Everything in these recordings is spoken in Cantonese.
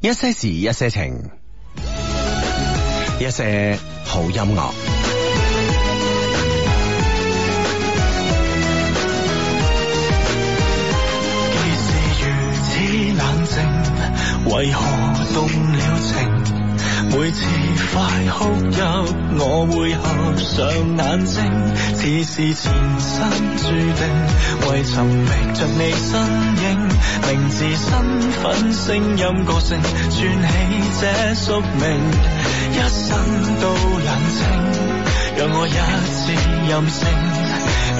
一些事，一些情，一些好音樂。即使如此冷靜，為何動了情？每次快哭泣，我會合上眼睛，似是前生注定，為尋覓着你身影，名字、身份、聲音、個性，串起這宿命，一生都冷清，讓我一次任性，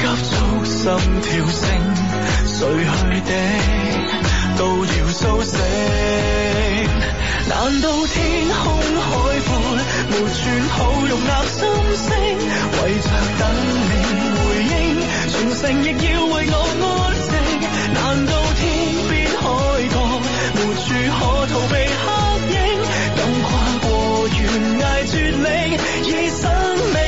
急速心跳聲，誰去定？都要蘇醒，難道天空海闊沒處好容納心聲？為着等你回應，全城亦要為我安靜。難道天邊海角沒處可逃避黑影，敢跨過懸崖絕嶺，以生命。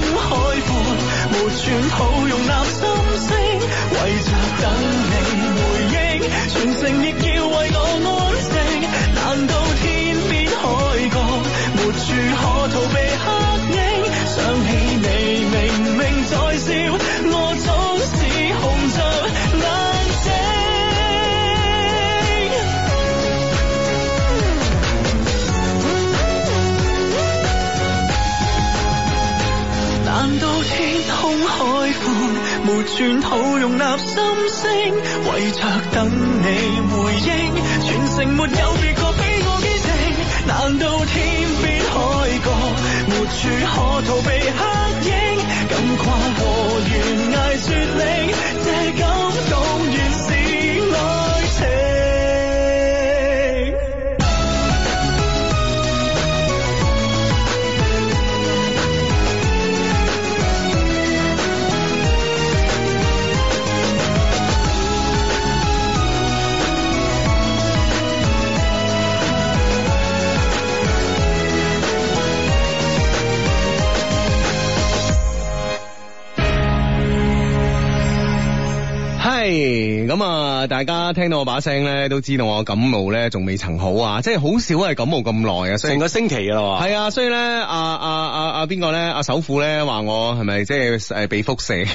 全好容納心聲，為着等你回應，全城亦要為我安靜，難道天邊海角，沒處可逃避？天空海闊，沒寸土容納心聲，為着等你回應。全城沒有別個比我堅定，難道天邊海角，沒處可逃避黑影，更跨和懸崖絕嶺。咁啊，大家聽到我把聲咧，都知道我感冒咧，仲未曾好啊，即係好少係感冒咁耐啊，成個星期噶啦喎。係啊，所以咧，阿阿阿阿邊個咧，阿、啊啊啊、首富咧話我係咪即係誒被輻射？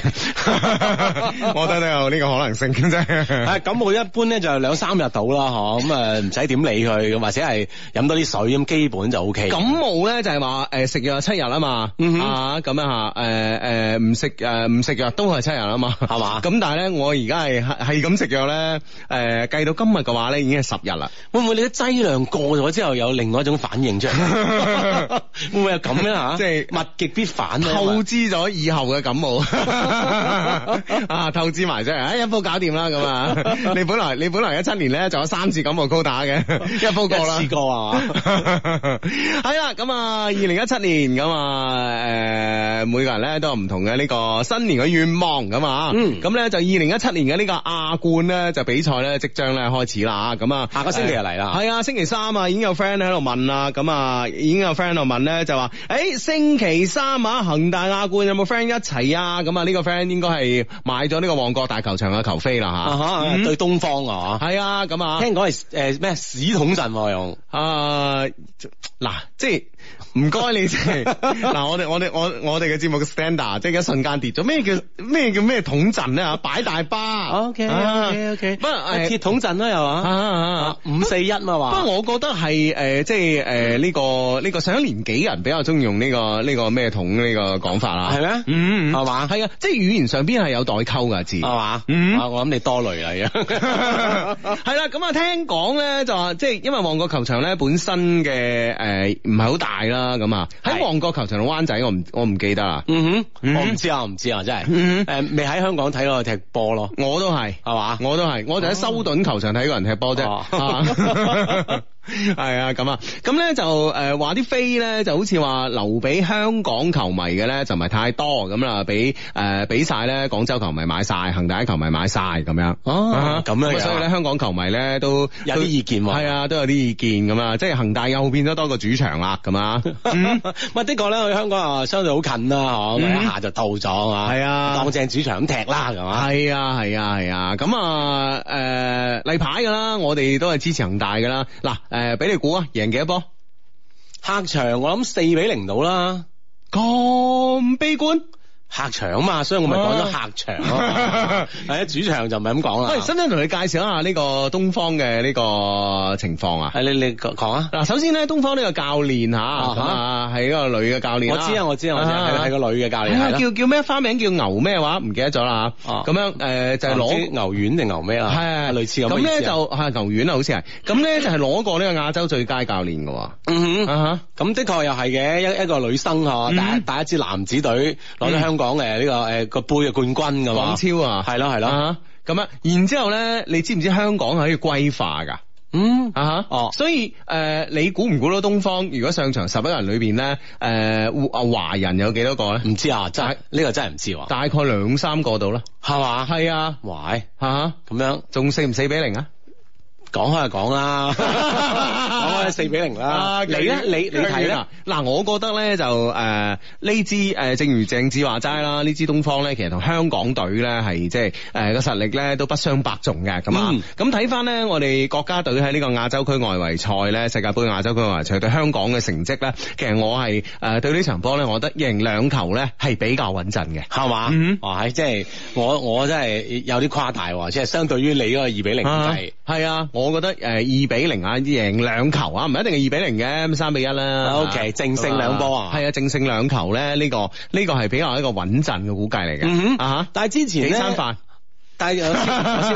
我覺得都有呢個可能性嘅啫。 感冒一般咧就係兩三日到啦，嗬，咁啊，唔使點理佢，或者係飲多啲水咁，基本就 O K。感冒咧就係話誒食藥七日啊嘛，嗯咁樣吓，誒誒唔食誒唔、呃、食藥都係七日啊嘛，係嘛吧？咁 但係咧我而家係係。咁食藥咧，誒、呃，計到今日嘅話咧，已經係十日啦。會唔會你啲劑量過咗之後，有另外一種反應出嚟？ 會唔會有咁咧吓？即係是物極必反，透支咗以後嘅感冒 啊！透支埋啫，一鋪搞掂啦。咁啊， 你本來你本來一七年咧，就有三次感冒高打嘅，一鋪過，一過。 啦。試過啊？嘛？係啦，咁啊，二零一七年，咁啊，誒，每個人咧都有唔同嘅呢個新年嘅願望咁啊。嘛嗯、這個。咁咧就二零一七年嘅呢個冠咧就比賽咧即將咧開始啦，咁、嗯、啊下個星期日嚟啦，係啊星期三啊已經有 friend 喺度問啦，咁、嗯、啊已經有 friend 喺度問咧就話，誒、欸、星期三啊恒大亞冠有冇 friend 一齊啊？咁啊呢個 friend 應該係買咗呢個旺角大球場嘅球飛啦吓，對東方啊，係啊咁啊，嗯、聽講係誒咩市統陣用啊，嗱即係。唔該你先嗱，我哋我哋我我哋嘅節目嘅 standard 即係一瞬間跌咗咩叫咩叫咩桶陣咧嚇擺大巴，OK OK OK，不鐵桶陣啦又啊，五四一嘛不過我覺得係誒即係誒呢個呢個上咗年紀人比較中意用呢個呢個咩桶呢個講法啦，係咩？嗯係嘛係啊，即係語言上邊係有代溝㗎字係嘛？嗯，我諗你多慮啦，而家係啦，咁啊聽講咧就話即係因為旺角球場咧本身嘅誒唔係好大啦。啦咁啊！喺旺角球場嘅灣仔，我唔我唔記得啦。嗯哼，嗯我唔知啊，唔知啊，真係。嗯哼，誒、嗯，未喺香港睇過踢波咯。我都係，係嘛？我都係，我就喺修頓球場睇過人踢波啫。係啊，咁啊，咁咧就誒話啲飛咧就好似話留俾香港球迷嘅咧就唔係太多咁啊。俾誒俾晒咧廣州球迷買晒，恒大啲球迷買晒咁樣。哦，咁樣，所以咧香港球迷咧都有啲意見喎。係啊，都有啲意見咁啊，即係恒大又變咗多個主場啦咁啊。咪的確咧，去香港啊相對好近啊，嗬，一下就到咗啊。係啊，當正主場咁踢啦，係嘛？係啊，係啊，係啊，咁啊，誒，例牌噶啦，我哋都係支持恒大噶啦。嗱。誒，俾你估啊，贏幾多波？客場我諗四比零到啦，咁悲觀。客場嘛，所以我咪講咗客場咯。係主場就唔係咁講啦。喂，新新同你介紹一下呢個東方嘅呢個情況啊。係你你講啊。嗱，首先咧，東方呢個教練吓吓係一個女嘅教練。我知啊，我知啊，係係個女嘅教練。叫叫咩花名？叫牛咩話？唔記得咗啦。咁樣誒就係攞牛丸定牛咩啊？係類似咁。咁咧就吓牛丸啊，好似係。咁咧就係攞過呢個亞洲最佳教練嘅。嗯，咁的確又係嘅，一一個女生啊，帶帶一支男子隊攞到香講誒呢個誒個杯嘅冠軍噶嘛，港超啊，係咯係咯，咁啊，然之後咧，你知唔知香港係可以歸化噶？嗯啊哈，哦，所以誒、呃，你估唔估到東方？如果上場十一人裏邊咧，誒啊華人有幾多個咧？唔知啊，真係呢個真係唔知，大概兩三個度啦，係嘛？係啊，懷啊，咁樣，仲四唔四,四比零啊？講開就講啦， 講開四比零啦。你咧，你你睇啦。嗱、嗯，我覺得咧就誒呢、呃、支誒，正如鄭智話齋啦，呢支東方咧，其實同香港隊咧係即係誒個實力咧都不相伯仲嘅咁啊。咁睇翻咧，我哋國家隊喺呢個亞洲區外圍賽咧，世界杯亞洲區外圍賽對香港嘅成績咧，其實我係誒、呃、對呢場波咧，我覺得贏兩球咧係比較穩陣嘅，係嘛？哇！即係我我真係有啲誇大，即係相對於你嗰個二比零計係啊，我、啊。我覺得誒二比零啊，贏兩 Okay, 吧球啊，唔一定係二比零嘅，咁三比一啦。O K，正勝兩波啊，係啊，正勝兩球咧，呢、這個呢、這個係比較一個穩陣嘅估計嚟嘅。嗯哼，啊吓、uh，huh, 但係之前咧幾餐飯。但係我先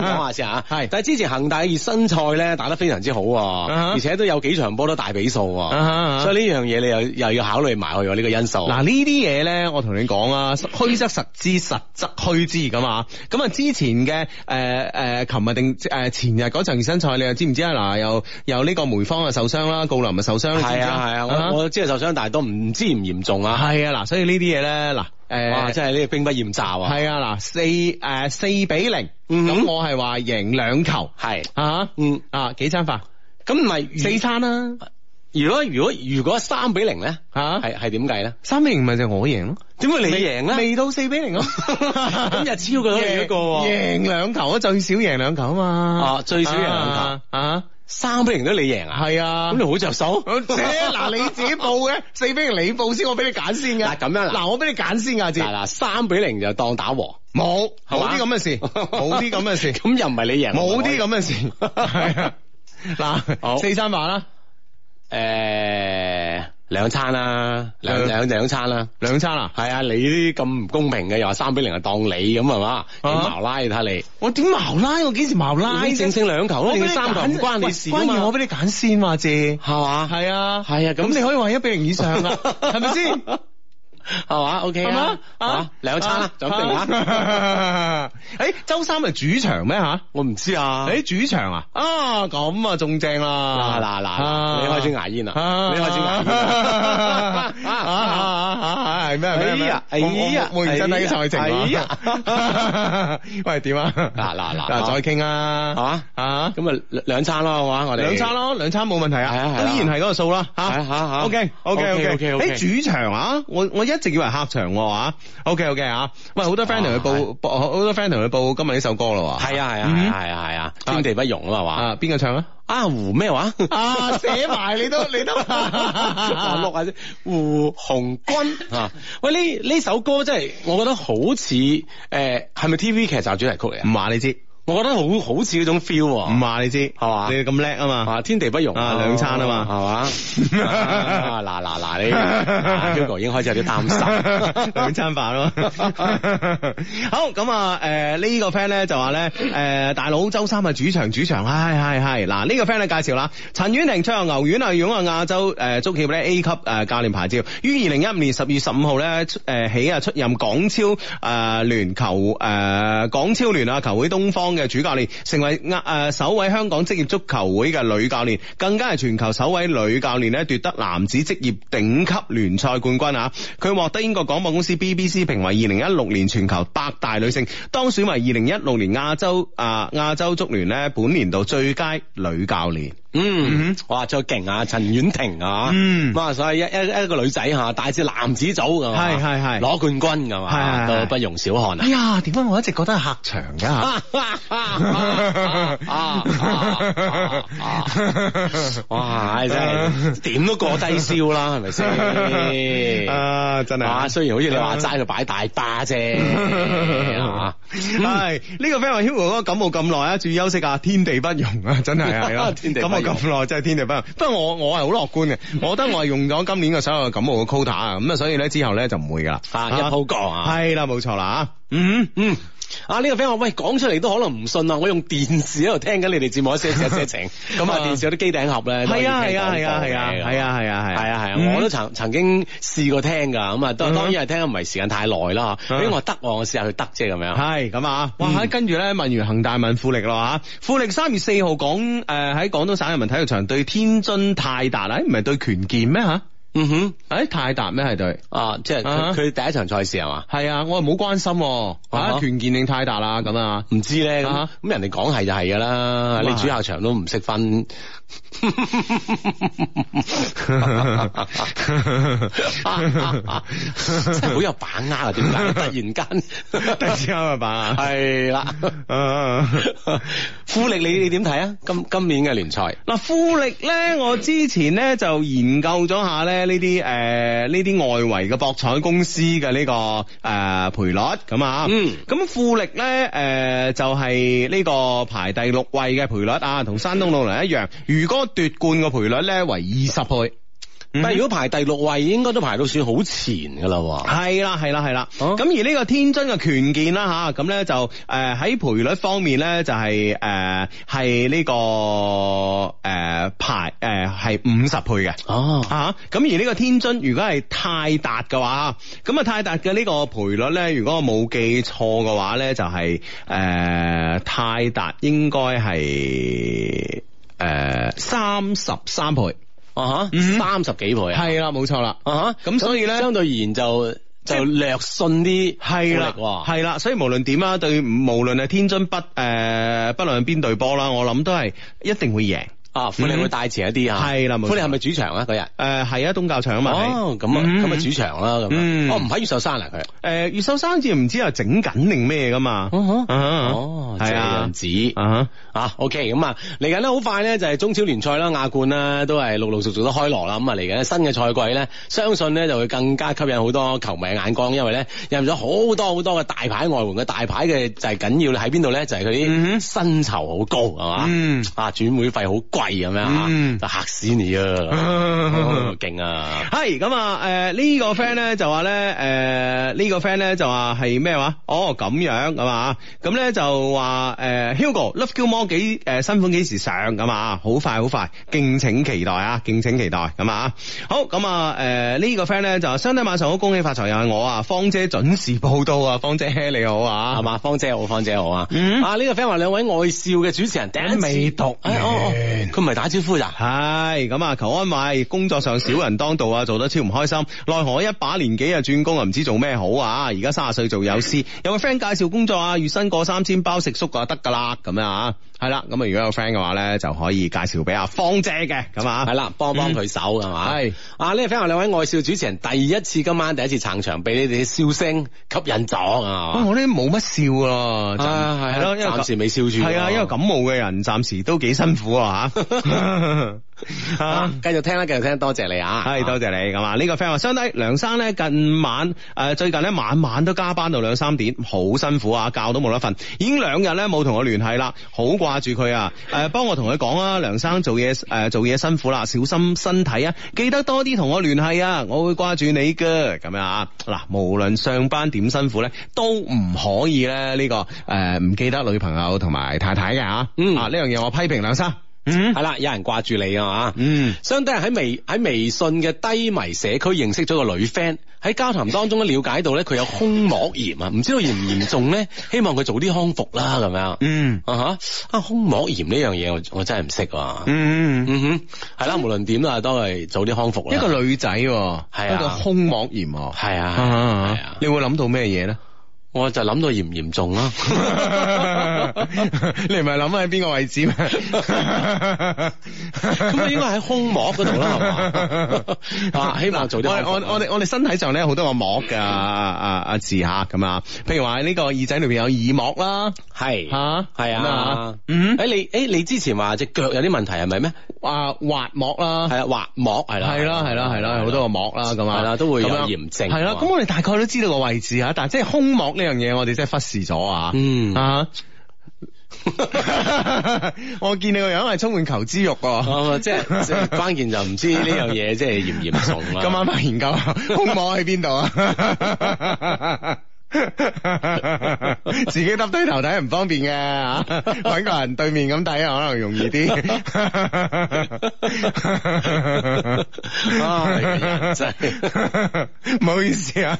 講下先嚇，係。 但係之前恒大嘅熱身賽咧打得非常之好，uh huh. 而且都有幾場波都大比數，uh huh. 所以呢樣嘢你又又要考慮埋去呢個因素。嗱呢啲嘢咧，我同你講啊，虛則實之，實則虛之咁啊。咁啊，之前嘅誒誒，琴、呃呃、日定誒、呃、前日嗰場熱身賽，你又知唔知啊？嗱、呃，又又呢個梅芳啊受傷啦，郜林啊受傷。係、uh huh. 啊係啊我，我知道受傷，但係都唔知唔嚴重 啊。係啊，嗱，所以呢啲嘢咧，嗱。誒，即係呢個兵不厭詐啊！係啊，嗱，四誒四比零，咁我係話贏兩球，係啊，嗯，啊幾餐飯？咁唔係四餐啦。如果如果如果三比零咧，吓，係係點計咧？三比零咪就我贏咯，點會你贏啊？未到四比零咯，咁就超咗你一個，贏兩球，最少贏兩球啊嘛。哦，最少贏兩球啊。三比零都你贏啊？係 啊，咁你好着手，嗱你自己報嘅，四比零你報先，我俾你揀先嘅。咁樣嗱、啊，我俾你揀先啊，姐、啊。係啦，三比零就當打和，冇冇啲咁嘅事，冇啲咁嘅事，咁 又唔係你贏，冇啲咁嘅事，係 啊，嗱 好，四三八啦，誒。兩餐啦，兩兩兩餐啦，兩餐啊，係啊，你啲咁唔公平嘅，又話三比零啊，當你咁係嘛？點矛拉你睇下你，我點矛拉？我幾時矛拉？正勝兩球咯，定三球唔關你事啊嘛？關鍵我俾你揀先，嘛，啫係嘛？係啊，係啊，咁你可以話一比零以上啦，係咪先？係嘛？OK 啊，兩餐啦，定啊。誒，周三係主場咩吓？我唔知啊。誒，主場啊，啊，咁啊仲正啦。嗱嗱嗱，你開始牙煙啊，你開始牙煙啦。吓吓吓吓，係咩？哎呀，哎呀，我認真睇嘅賽程啊。喂，點啊？嗱嗱嗱，再傾啊，吓啊，咁啊兩兩餐咯，係嘛？我哋兩餐咯，兩餐冇問題啊，都依然係嗰個數啦。吓吓吓，OK OK OK OK OK，誒，主場啊，我我一。一直以為黑場喎，嚇、啊、，OK OK 吓、啊，喂，好多 friend 同佢報，好、啊、多 friend 同佢報、啊、今日呢首歌咯，係啊係啊係啊係啊，啊啊啊啊啊天地不容啊嘛，話邊個唱啊？啊，啊，啊胡咩話？啊寫埋你都你都錄下先。 胡紅軍君啊，喂呢呢首歌真係，我覺得好似誒係咪 TV 劇集主題曲嚟？唔話你知。我覺得好好似嗰種 feel，唔、啊、話、啊、你知係嘛？吧你咁叻啊嘛，天地不容啊，兩餐啊嘛，係嘛？嗱嗱嗱，你 Jago 已經開始有啲擔心兩餐飯咯。好咁啊，誒呢、嗯這個 friend 咧就話咧，誒、嗯、大佬周三啊主場主場，係係係。嗱、哎、呢、哎哎哎這個 friend 咧介紹啦，陳婉婷出任牛丸啊，擁有亞洲誒足協咧 A 級誒教練牌照，於二零一五年十月十五號咧誒起啊出任港超誒聯球誒港超聯啊球，、呃呃、球會東方。嘅主教練，成為亞誒首位香港職業足球會嘅女教練，更加係全球首位女教練咧奪得男子職業頂級聯賽冠軍啊！佢獲得英國廣播公司 BBC 評為二零一六年全球百大女性，當選為二零一六年亞洲啊、呃、亞洲足聯咧本年度最佳女教練。嗯，哇，再勁啊，陳婉婷啊，嗯，咁所以一一一個女仔吓，帶住男子組咁，係係係，攞冠軍噶嘛，都不容小看啊。呀，點解我一直覺得係客場嘅吓？哇，真係，點都過低燒啦，係咪先？啊，真係，雖然好似你話齋，就擺大巴啫。係，呢個 friend 話 Hugo 感冒咁耐啊，注意休息啊，天地不容啊，真係啊，天地咁耐真係天地不，不過我我係好樂觀嘅，我覺得我係用咗今年嘅所有嘅感冒嘅 quota 啊，咁啊，所以咧之後咧就唔會噶啦，一鋪過啊，係啦冇錯啦吓，嗯嗯。啊！呢個 friend 話，喂，講出嚟都可能唔信啊！我用電視喺度聽緊你哋節目一些事一些情咁 啊！電視有啲機頂盒咧，係啊係啊係啊係啊係啊係啊係啊係啊！我都曾曾經試過聽噶咁啊，當然係聽唔係時間太耐啦吓。我得我試下去得啫咁樣，係咁啊哇！跟住咧問完恒大問富力咯吓，富力三月四號講，誒喺廣東省人民體育場對天津泰達啊，唔係對權健咩吓？嗯哼，誒，泰達咩係對啊？即係佢第一場賽事係嘛？係啊，我又冇關心，啊，權健定泰達啦？咁唔知咧，咁咁人哋講係就係噶啦，你主下場都唔識分，真係好有把握啊？點解突然間突然間有把握？係啦，富力你你點睇啊？今今年嘅聯賽嗱，富力咧，我之前咧就研究咗下咧。呢啲誒，呢啲、呃、外圍嘅博彩公司嘅呢、呢個誒賠、呃、率咁啊，嗯，咁富力咧誒、呃、就係、是、呢個排第六位嘅賠率啊，同山東魯能一樣，如果奪冠嘅賠率咧為二十倍。但係如果排第六位，應該都排到算好前噶啦。係啦，係啦，係啦。咁、啊、而呢個天津嘅權健啦吓，咁咧就誒喺賠率方面咧就係誒係呢個誒、呃、排誒係五十倍嘅。哦、啊，啊咁而呢個天津如果係泰達嘅話，咁啊泰達嘅呢個賠率咧，如果我冇記錯嘅話咧，就係、是、誒、呃、泰達應該係誒三十三倍。啊吓，uh、huh, 三十幾倍，係啦、uh，冇錯啦，啊吓，咁、uh huh, 那所以咧相對而言就就,就略遜啲係啦，係啦，所以無論點啊，對無論係天津不誒、呃、不論係邊隊波啦，我諗都係一定會贏。啊，富力會大遲一啲啊，係啦，富力係咪主場啊嗰日？誒，係啊，東較場啊嘛。咁啊，咁啊主場啦，咁啊，哦，唔喺越秀山啊佢。誒，越秀山至唔知又整緊定咩噶嘛？哦哦，係啊樣子啊 OK，咁啊，嚟緊呢好快咧就係中超聯賽啦、亞冠啦，都係陸陸續續都開鑼啦。咁啊嚟緊新嘅賽季咧，相信咧就會更加吸引好多球迷眼光，因為咧入咗好多好多嘅大牌外援嘅大牌嘅就係緊要喺邊度咧，就係佢啲薪酬好高係嘛？嗯，啊轉會費好高。貴咁樣嚇死你、嗯哦、啊，勁啊！係咁啊，誒、這、呢個 friend 咧就話咧，誒、呃、呢、這個 friend 咧就話係咩話？哦咁樣咁啊，咁咧就話誒、呃、Hugo Love Kill 魔幾誒、呃、新款幾時上咁啊？好快好快，敬請期待啊，敬請期待咁啊！好咁啊，誒呢、呃這個 friend 咧就相當，晚上好，恭喜發財又係我啊！芳姐準時報到啊！芳姐你好啊，係嘛？芳姐好，芳姐好啊！嗯、啊呢、這個 friend 話兩位愛笑嘅主持人第未、嗯、讀。哎哦哦佢唔係打招呼咋？係咁啊，求安慰，工作上小人當道啊，做得超唔開心。奈何一把年紀啊，轉工啊，唔知做咩好啊？而家三十歲做幼師，有個 friend 介紹工作啊，月薪過三千包食宿啊，得噶啦咁樣啊。係啦，咁啊，如果有 friend 嘅話咧，就可以介紹俾阿芳姐嘅，咁啊，係啦，幫幫佢手，係嘛。係，啊呢位 friend，兩位愛笑主持人，第一次今晚第一次撐場，被你哋嘅笑聲吸引咗啊！吧我呢冇乜笑啊，係咯，暫時未笑住。係啊，因為感冒嘅人暫時都幾辛苦啊吓。 啊，繼續聽啦，繼續聽，多謝你啊，係多謝你咁啊。呢、這個 friend 話，兄弟梁生咧，近晚誒、呃，最近咧晚晚都加班到兩三點，好辛苦啊，覺都冇得瞓，已經兩日咧冇同我聯繫啦，好掛住佢啊。誒、呃，幫我同佢講啊，梁生做嘢誒、呃，做嘢辛苦啦，小心身體啊，記得多啲同我聯繫啊，我會掛住你噶。咁樣啊，嗱，無論上班點辛苦咧，都唔可以咧、這、呢個誒，唔、呃、記得女朋友同埋太太嘅啊。嗯，啊呢樣嘢我批評梁生。嗯，係啦、mm hmm.，有人掛住你啊嘛，嗯、mm，hmm. 相當係喺微喺微信嘅低迷社區認識咗個女 friend，喺交談當中咧了解到咧佢有胸膜炎啊，唔知道嚴唔嚴重咧，希望佢早啲康復啦咁樣，嗯、mm，啊、hmm. 哈、uh，啊胸膜炎呢樣嘢我我真係唔識，啊。嗯嗯哼，係啦，無論點啦都係早啲康復啦，一個女仔，係啊，胸膜炎，係啊係啊，啊你會諗到咩嘢咧？我就諗到嚴唔嚴重啦，你唔係諗喺邊個位置咩？咁我應該喺胸膜嗰度啦，係嘛？啊，希望做啲我我哋我哋身體上咧，好多個膜噶阿智吓咁啊，譬如話呢個耳仔裏邊有耳膜啦，係吓係啊，嗯，誒你誒你之前話隻腳有啲問題係咪咩？啊滑膜啦，係啊滑膜係啦，係啦係啦，好多個膜啦咁啊，都會有炎症。係啦，咁我哋大概都知道個位置吓，但係即係胸膜咧。呢樣嘢我哋真係忽視咗啊！嗯啊， 我見你個樣係充滿求知欲、啊 啊，即係關鍵就唔知呢樣嘢即係嚴唔嚴重啦。今晚翻研究，空網喺邊度啊？ 自己耷低頭睇唔方便嘅，揾個人對面咁睇可能容易啲、 哦。真係，唔好意思啊。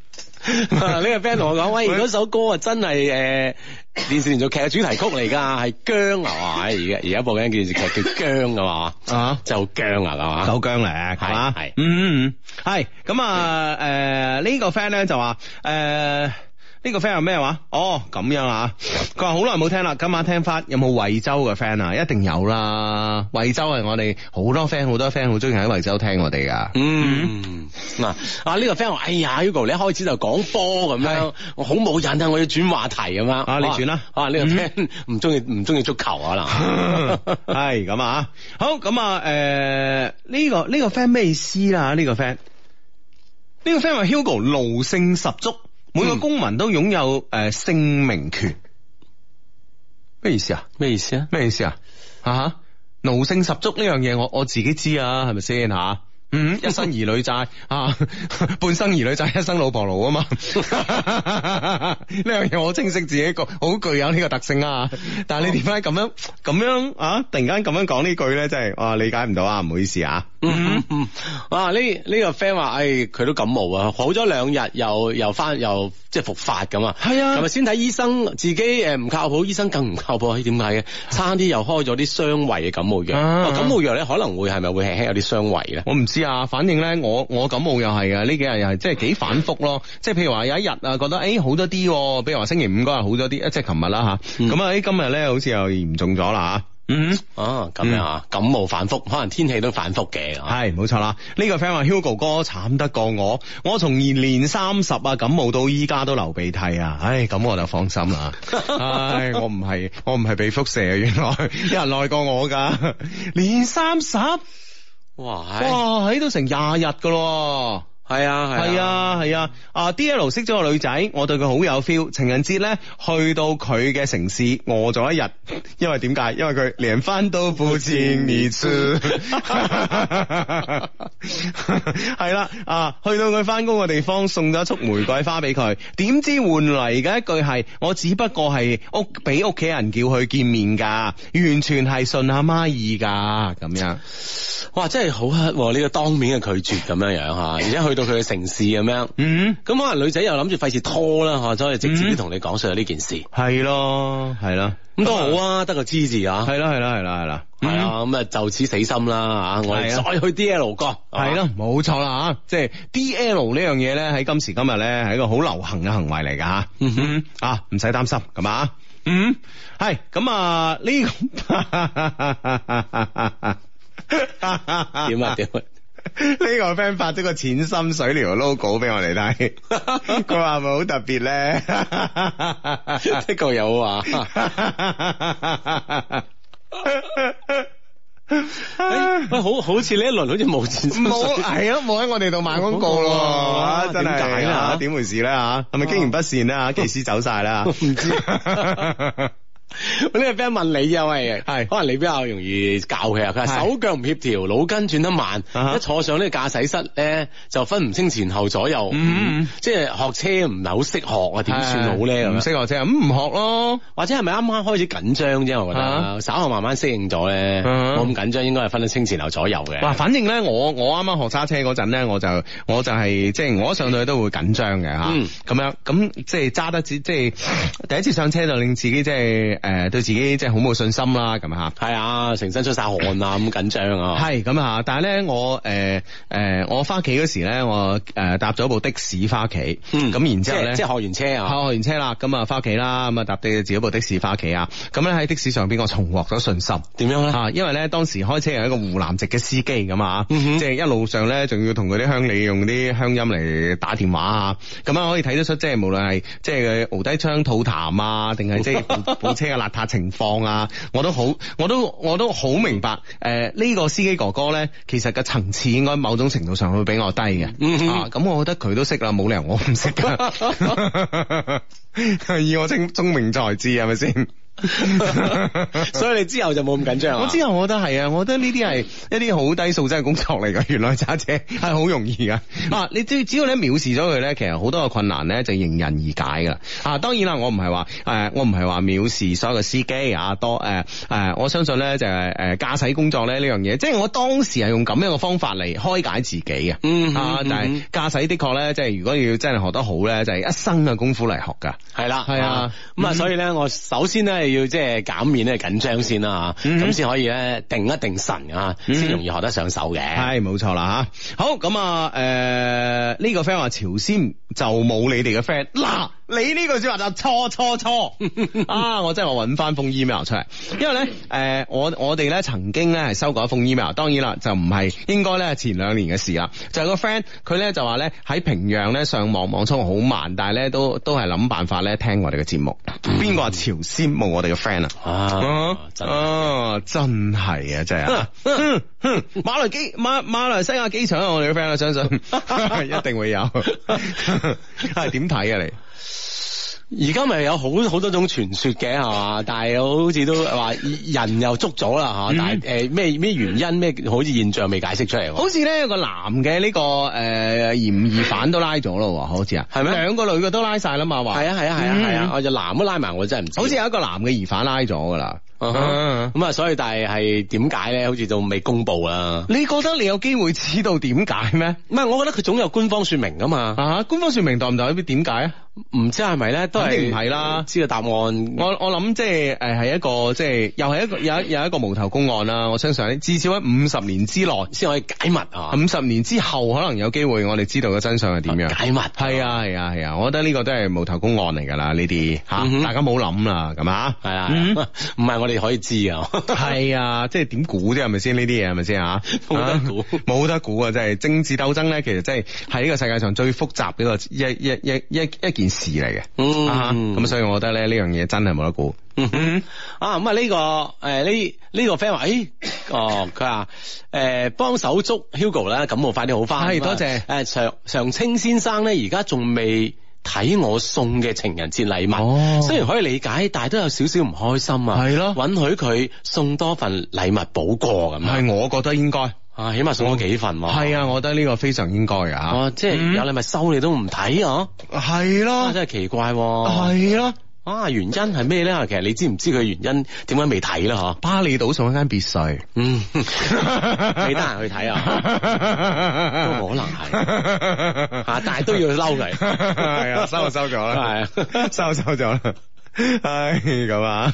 呢個 friend 同我講，喂，如果首歌啊，真係誒，電視連續劇嘅主題曲嚟噶，係姜啊，而家而家播緊電視劇叫姜噶嘛，啊，就姜啊，係嘛，就姜嚟，係嘛，係，嗯，係，咁啊，誒、呃，呢、這個 friend 咧就話，誒、呃。呢個 friend 係咩話？哦，咁樣啊！佢話好耐冇聽啦，今晚聽翻。有冇惠州嘅 friend 啊？一定有啦！惠州係我哋好多 friend，好多 friend 好中意喺惠州聽我哋噶。嗯，嗱、嗯、啊，呢、這個 friend 話：哎呀，Hugo，你一開始就講波咁樣，是我好冇癮啊！我要轉話題咁樣啊，你轉啦。啊，呢、啊這個 friend 唔中意唔中意足球啊？嗱， 係咁啊。好，咁啊，誒、呃，呢、這個呢、這個 friend 咩意思啦？呢、這個 friend 呢個 friend 話：Hugo，奴性十足。每個公民都擁有誒姓名權，咩意思啊？咩意思啊？咩意思啊？啊、uh！Huh. 奴性十足呢樣嘢，我我自己知啊，係咪先吓？Mm hmm. 一生兒女債啊，半生兒女債，一生老婆奴啊嘛，呢樣嘢我清晰自己個好具有呢個特性啊。但係你點解咁樣咁、oh. 樣，樣啊？突然間咁樣講呢句咧，真係啊，理解唔到啊，唔好意思啊。哇、mm，呢、hmm. 呢、啊呢個 friend 話，哎，佢都感冒啊，好咗兩日，又又翻又即係復發咁啊。係啊，係咪先睇醫生，自己誒唔靠譜，醫生更唔靠譜。點解嘅？差啲又開咗啲傷胃嘅感冒藥。感冒藥咧可能會係咪會輕輕有啲傷胃咧？我唔知。啊！反正咧，我我感冒又係啊，呢幾日又係即係幾反覆咯。即係譬如話有一日啊，覺得哎好多啲，譬如話星期五嗰日好多啲，即係琴日啦嚇。咁啊、嗯，今日咧好似又嚴重咗啦嚇。嗯，哦咁樣嚇，感冒反覆，可能天氣都反覆嘅。係冇、嗯、錯啦。呢、呢個 friend 話 Hugo 哥慘得過我，我從年年三十啊感冒到依家都流鼻涕啊。唉，咁我就放心啦。 唉，我唔係我唔係被輻射，啊。原來有人耐過我噶年三十。哇！哇，喺度成廿日噶咯。係啊係啊係啊係啊！啊，啊，啊 D L 識咗個女仔，我對佢好有 feel。情人節咧，去到佢嘅城市餓咗一日，因為點解？因為佢連翻都付見而出。係啦，啊，去到佢翻工嘅地方送咗一束玫瑰花俾佢，點知換嚟嘅一句係：我只不過係屋俾屋企人叫佢見面噶，完全係順阿媽意噶咁樣。哇，真係好黑呢個當面嘅拒絕咁樣樣吓，而家去到佢嘅城市咁樣，嗯，咁可能女仔又諗住費事拖啦，吓，所以直接啲同你講述呢件事，係咯，係咯，咁都好啊，得個知字啊，係咯，係咯，係啦，係啦，係啊，咁啊就此死心啦，吓，我哋再去 DL 過，係咯，冇錯啦，吓，即係 DL 呢樣嘢咧，喺今時今日咧係一個好流行嘅行為嚟噶吓，啊，唔使擔心，咁啊。嗯，係，咁啊呢，點啊點？ 個朋友個是是呢個 friend 發咗個淺心水療 logo 俾我哋睇，佢話係咪好特別咧？的確有啊，好好似呢一輪好似冇錢，冇係啊，冇喺我哋度買廣告咯，點解啊？點回事咧？吓係咪經營不善啦，啊？技師走晒啦？唔知。我呢個 friend 問你啊，喂，係是可能你比較容易教佢啊。佢話手腳唔協調，腦筋轉得慢，啊、一坐上呢個駕駛室咧就分唔清前後左右。嗯嗯、即係學車唔係好識學啊，點算好叻咁？唔識學車咁唔學咯？或者係咪啱啱開始緊張啫？我覺得、啊、稍後慢慢適應咗咧，冇咁緊張，應該係分得清前後左右嘅。反正咧，我我啱啱學揸車嗰陣咧，我就我就係即係我一上到去都會緊張嘅吓，咁、嗯、樣咁即係揸得即係第一次上車就令自己即係。誒，對自己即係好冇信心啦，咁啊吓，係啊樣，成身出晒汗啊，咁緊張啊，係咁啊，但係咧我誒誒，我翻屋企嗰時咧，我誒搭咗部的士翻屋企，咁、嗯、然之後咧，即係學完車啊，學完車啦，咁啊翻屋企啦，咁啊搭地自己部的士翻屋企啊，咁咧喺的士上邊我重獲咗信心，點樣咧？啊，因為咧當時開車係一個湖南籍嘅司機噶嘛，即係、嗯、哼一路上咧仲要同嗰啲鄉里用啲鄉音嚟打電話啊，咁啊可以睇得出，即係無論係即係佢㩒低窗吐痰啊，定係即係呢個邋遢情況啊，我都好，我都我都好明白。誒、呃，呢、呢個司機哥哥咧，其實個層次應該某種程度上會比我低嘅。嗯哼，咁、啊、我覺得佢都識啦，冇理由我唔識噶。 以我精聰明才智，係咪先？ 所以你之後就冇咁緊張啦。我之後我覺得係啊，我覺得呢啲係一啲好低素質嘅工作嚟噶。原來揸車係好容易噶。啊，你只只要你藐視咗佢咧，其實好多嘅困難咧就迎刃而解噶啦。啊，當然啦，我唔係話誒，我唔係話藐視所有嘅司機啊多誒誒，我相信咧就係誒駕駛工作咧呢樣嘢，即係我當時係用咁樣嘅方法嚟開解自己嘅。嗯嗯、啊，但係駕駛的確咧，即係如果要真係學得好咧，就係一生嘅功夫嚟學噶。係啦，嗯哼，係啊，咁啊，嗯哼啊，所以咧，我首先咧。你要即係減免咧緊張先啦、啊，咁先、嗯、哼可以咧定一定神啊，先、嗯、哼容易學得上手嘅。係，冇錯啦吓。好，咁啊，誒、呃、呢、這個 friend 話朝鮮就冇你哋嘅 friend 啦。你呢句說話就錯錯錯啊！我真係我搵翻封 email 出嚟，因為咧誒、呃，我我哋咧曾經咧係收過一封 email，當然啦，就唔係應該咧前兩年嘅事啦，就係、是、個 friend 佢咧就話咧喺平壤咧上網網速好慢，但係咧都都係諗辦法咧聽我哋嘅節目。邊個話朝鮮冇我哋嘅 friend 啊？啊真係啊，真係啊！嗯嗯、啊、馬，馬，馬，馬來西亞機馬來西亞機場啊，我哋嘅 friend 啊，相信 一定會有。係點睇啊你？而家咪有好好多種傳說嘅係嘛，但係好似都話人又捉咗啦吓，嗯、但係誒咩咩原因咩好似現象未解釋出嚟，好似咧有個男嘅呢、這個誒、呃、嫌疑犯都拉咗咯，好似啊係咪？兩嗎個女嘅都拉晒啦嘛，話係啊係啊係啊係、嗯、啊，我就男都拉埋，我真係唔。好似有一個男嘅疑犯拉咗噶啦，咁啊、uh huh. 嗯、所以但係係點解咧？好似就未公布啊。你覺得你有機會知道點解咩？唔係，我覺得佢總有官方說明噶嘛。Uh huh? 官方說明代唔代表點解啊？唔知係咪咧，都係唔係啦？知道答案我，我我諗即係誒，係、呃、一個即係又係一個有有一個有一個無頭公案啦。我相信至少喺五十年之內先可以解密啊。五十年之後可能有機會我哋知道嘅真相係點樣解密、啊？係啊係啊係啊，啊！我覺得呢個都係無頭公案嚟噶啦呢啲吓，大家唔好諗啦，咁啊係啊，唔係、啊、我哋可以知啊？係 啊，即係點估啫？係咪先呢啲嘢係咪先啊？冇得估，冇得估啊！即係政治鬥爭咧，其實即係喺呢個世界上最複雜呢一個一一一一一件。一一一事嚟嘅，嗯，咁、啊、所以我覺得咧，呢樣嘢真係冇得估，嗯嗯嗯。啊，咁啊呢個誒呢呢個 friend 話，誒、這個哎，哦，佢話誒幫手祝 Hugo 啦，感冒快啲好翻。係多謝誒、呃、常常青先生咧，而家仲未睇我送嘅情人節禮物。哦，雖然可以理解，但係都有少少唔開心啊。係咯的，允許佢送多份禮物補過咁。係的我覺得應該。碼啊，起碼送咗幾份喎。係啊，我覺得呢個非常應該啊。哦，即係有禮物收你都唔睇啊？係咯、嗯啊，真係奇怪、啊。係咯、啊，啊原因係咩咧？其實你知唔知佢原因點解未睇咧？嗬、啊？巴厘島送一間別墅。嗯，你得閒去睇啊？都冇 可能係，吓、 啊，但係都要去嬲嚟。係啊，收收咗啦。係啊，收收咗啦。唉咁啊。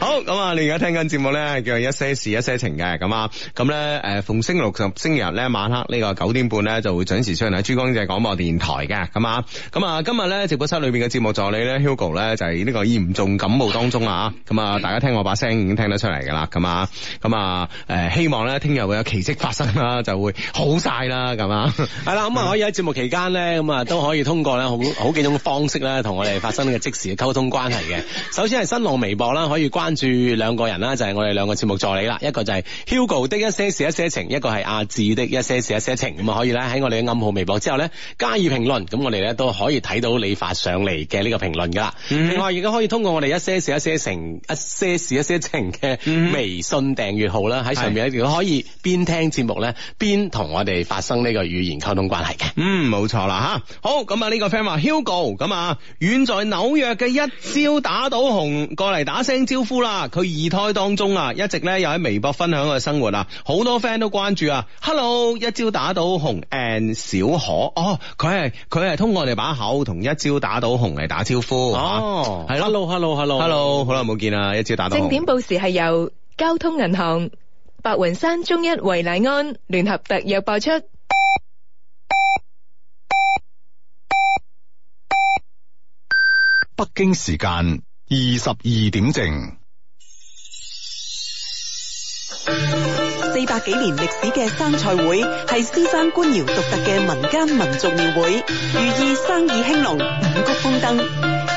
好咁啊！你而家聽緊節目咧，叫一些事一些情嘅咁啊！咁咧誒，逢星期六十星期日咧晚黑個呢個九點半咧就會準時出現喺珠江經濟廣播電台嘅咁啊！咁啊，今日咧直播室裏邊嘅節目助理咧 Hugo 咧就係、是、呢個嚴重感冒當中啊！咁啊，大家聽我把聲已經聽得出嚟㗎啦咁啊！咁啊誒，希望咧聽日會有奇蹟發生啦，就會好晒啦咁啊！係啦，咁啊可以喺節目期間咧咁啊都可以通過咧好好幾種方式咧同我哋發生呢個即時嘅溝通關係嘅。首先係新浪微博啦，可以關注兩個人啦，就係、是、我哋兩個節目助理啦。一個就係 Hugo 的一些事一些情，一個係阿志的一些事一些情。咁啊，可以咧喺我哋嘅暗號微博之後咧加以評論。咁我哋咧都可以睇到你發上嚟嘅呢個評論噶啦。嗯、另外，亦都可以通過我哋一些事一些情、嗯、一些事一些情嘅微信訂閱號啦，喺上面咧亦都可以邊聽節目咧邊同我哋發生呢個語言溝通關係嘅。嗯，冇錯啦嚇。好咁啊，呢個 friend 話 Hugo 咁啊，遠在紐約嘅一招打倒紅過嚟打聲。 招呼啦！佢二胎當中啊，一直咧又喺微博分享佢生活啊，好多 friend 都關注啊。Hello，一招打到紅 and 小可哦，佢係佢係通過我哋把口同一招打到紅嚟打招呼哦，係 Hello，Hello，Hello，Hello，hello. hello, 好耐冇見啦！一招打到紅。正點報時係由交通銀行白雲山中一維乃安聯合特約播出。北京時間。二十二點正，四百幾年歷史嘅生菜會係獅山官窯獨特嘅民間民族廟會，寓意生意興隆，五穀豐登。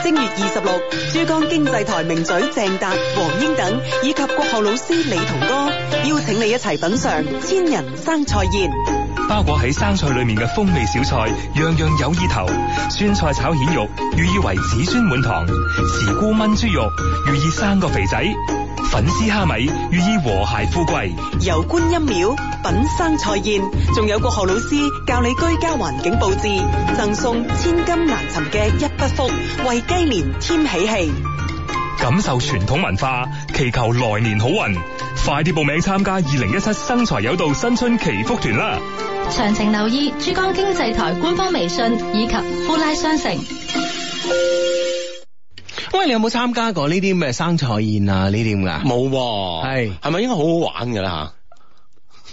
正月二十六，珠江經濟台名嘴鄭達、黃英等以及國學老師李同哥邀請你一齊品嚐千人生菜宴。包裹喺生菜裏面嘅風味小菜，樣樣有意頭。酸菜炒蜆肉，寓意為子孫滿堂；時菇炆豬肉，寓意生個肥仔；粉絲蝦米，寓意和諧富貴。由觀音廟品生菜宴，仲有個何老師教你居家環境布置，贈送千金難尋嘅一筆福，為雞年添喜氣。感受傳統文化，祈求來年好運，快啲報名參加二零一七生財有道新春祈福團啦！詳情留意珠江經濟台官方微信以及呼拉商城。喂，你有冇參加過呢啲咩生菜宴啊？呢啲咁噶？冇、哦，係係咪應該好好玩噶啦